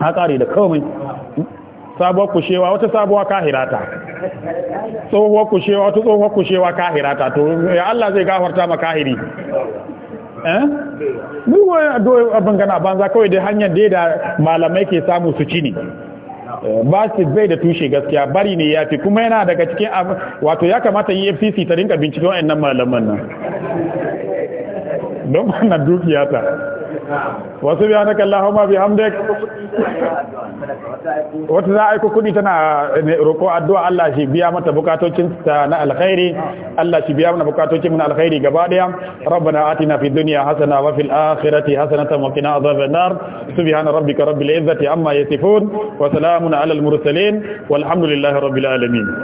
ka kare da komai sabuwar kushewa wata sabuwa kahirata tsohuwar kushewa wata tsohuwar kushewa kahirata to ya Allah zai gafarta ma kahiri eh duk wani abin gana banza kawai dai hanyar da malamai ke samu su ci ne ba zai bai da tushe gaskiya bari ne ya fi kuma yana daga cikin wato ya kamata efcc ta rinka binciken wa'annan malaman nan don na dukiya ta wasu biya na kalla hama bi hamdek wata za a aiko kudi tana eh, roƙo addu'a Allah shi biya mata bukatocin ta na alkhairi Allah shi biya mata bukatocin mun na alkhairi gaba daya rabbana atina fid dunya hasana wa fil akhirati ta wa qina adhaban nar subhana rabbika rabbil izzati amma ya yasifun wa salamun alal mursalin walhamdulillahi rabbil alamin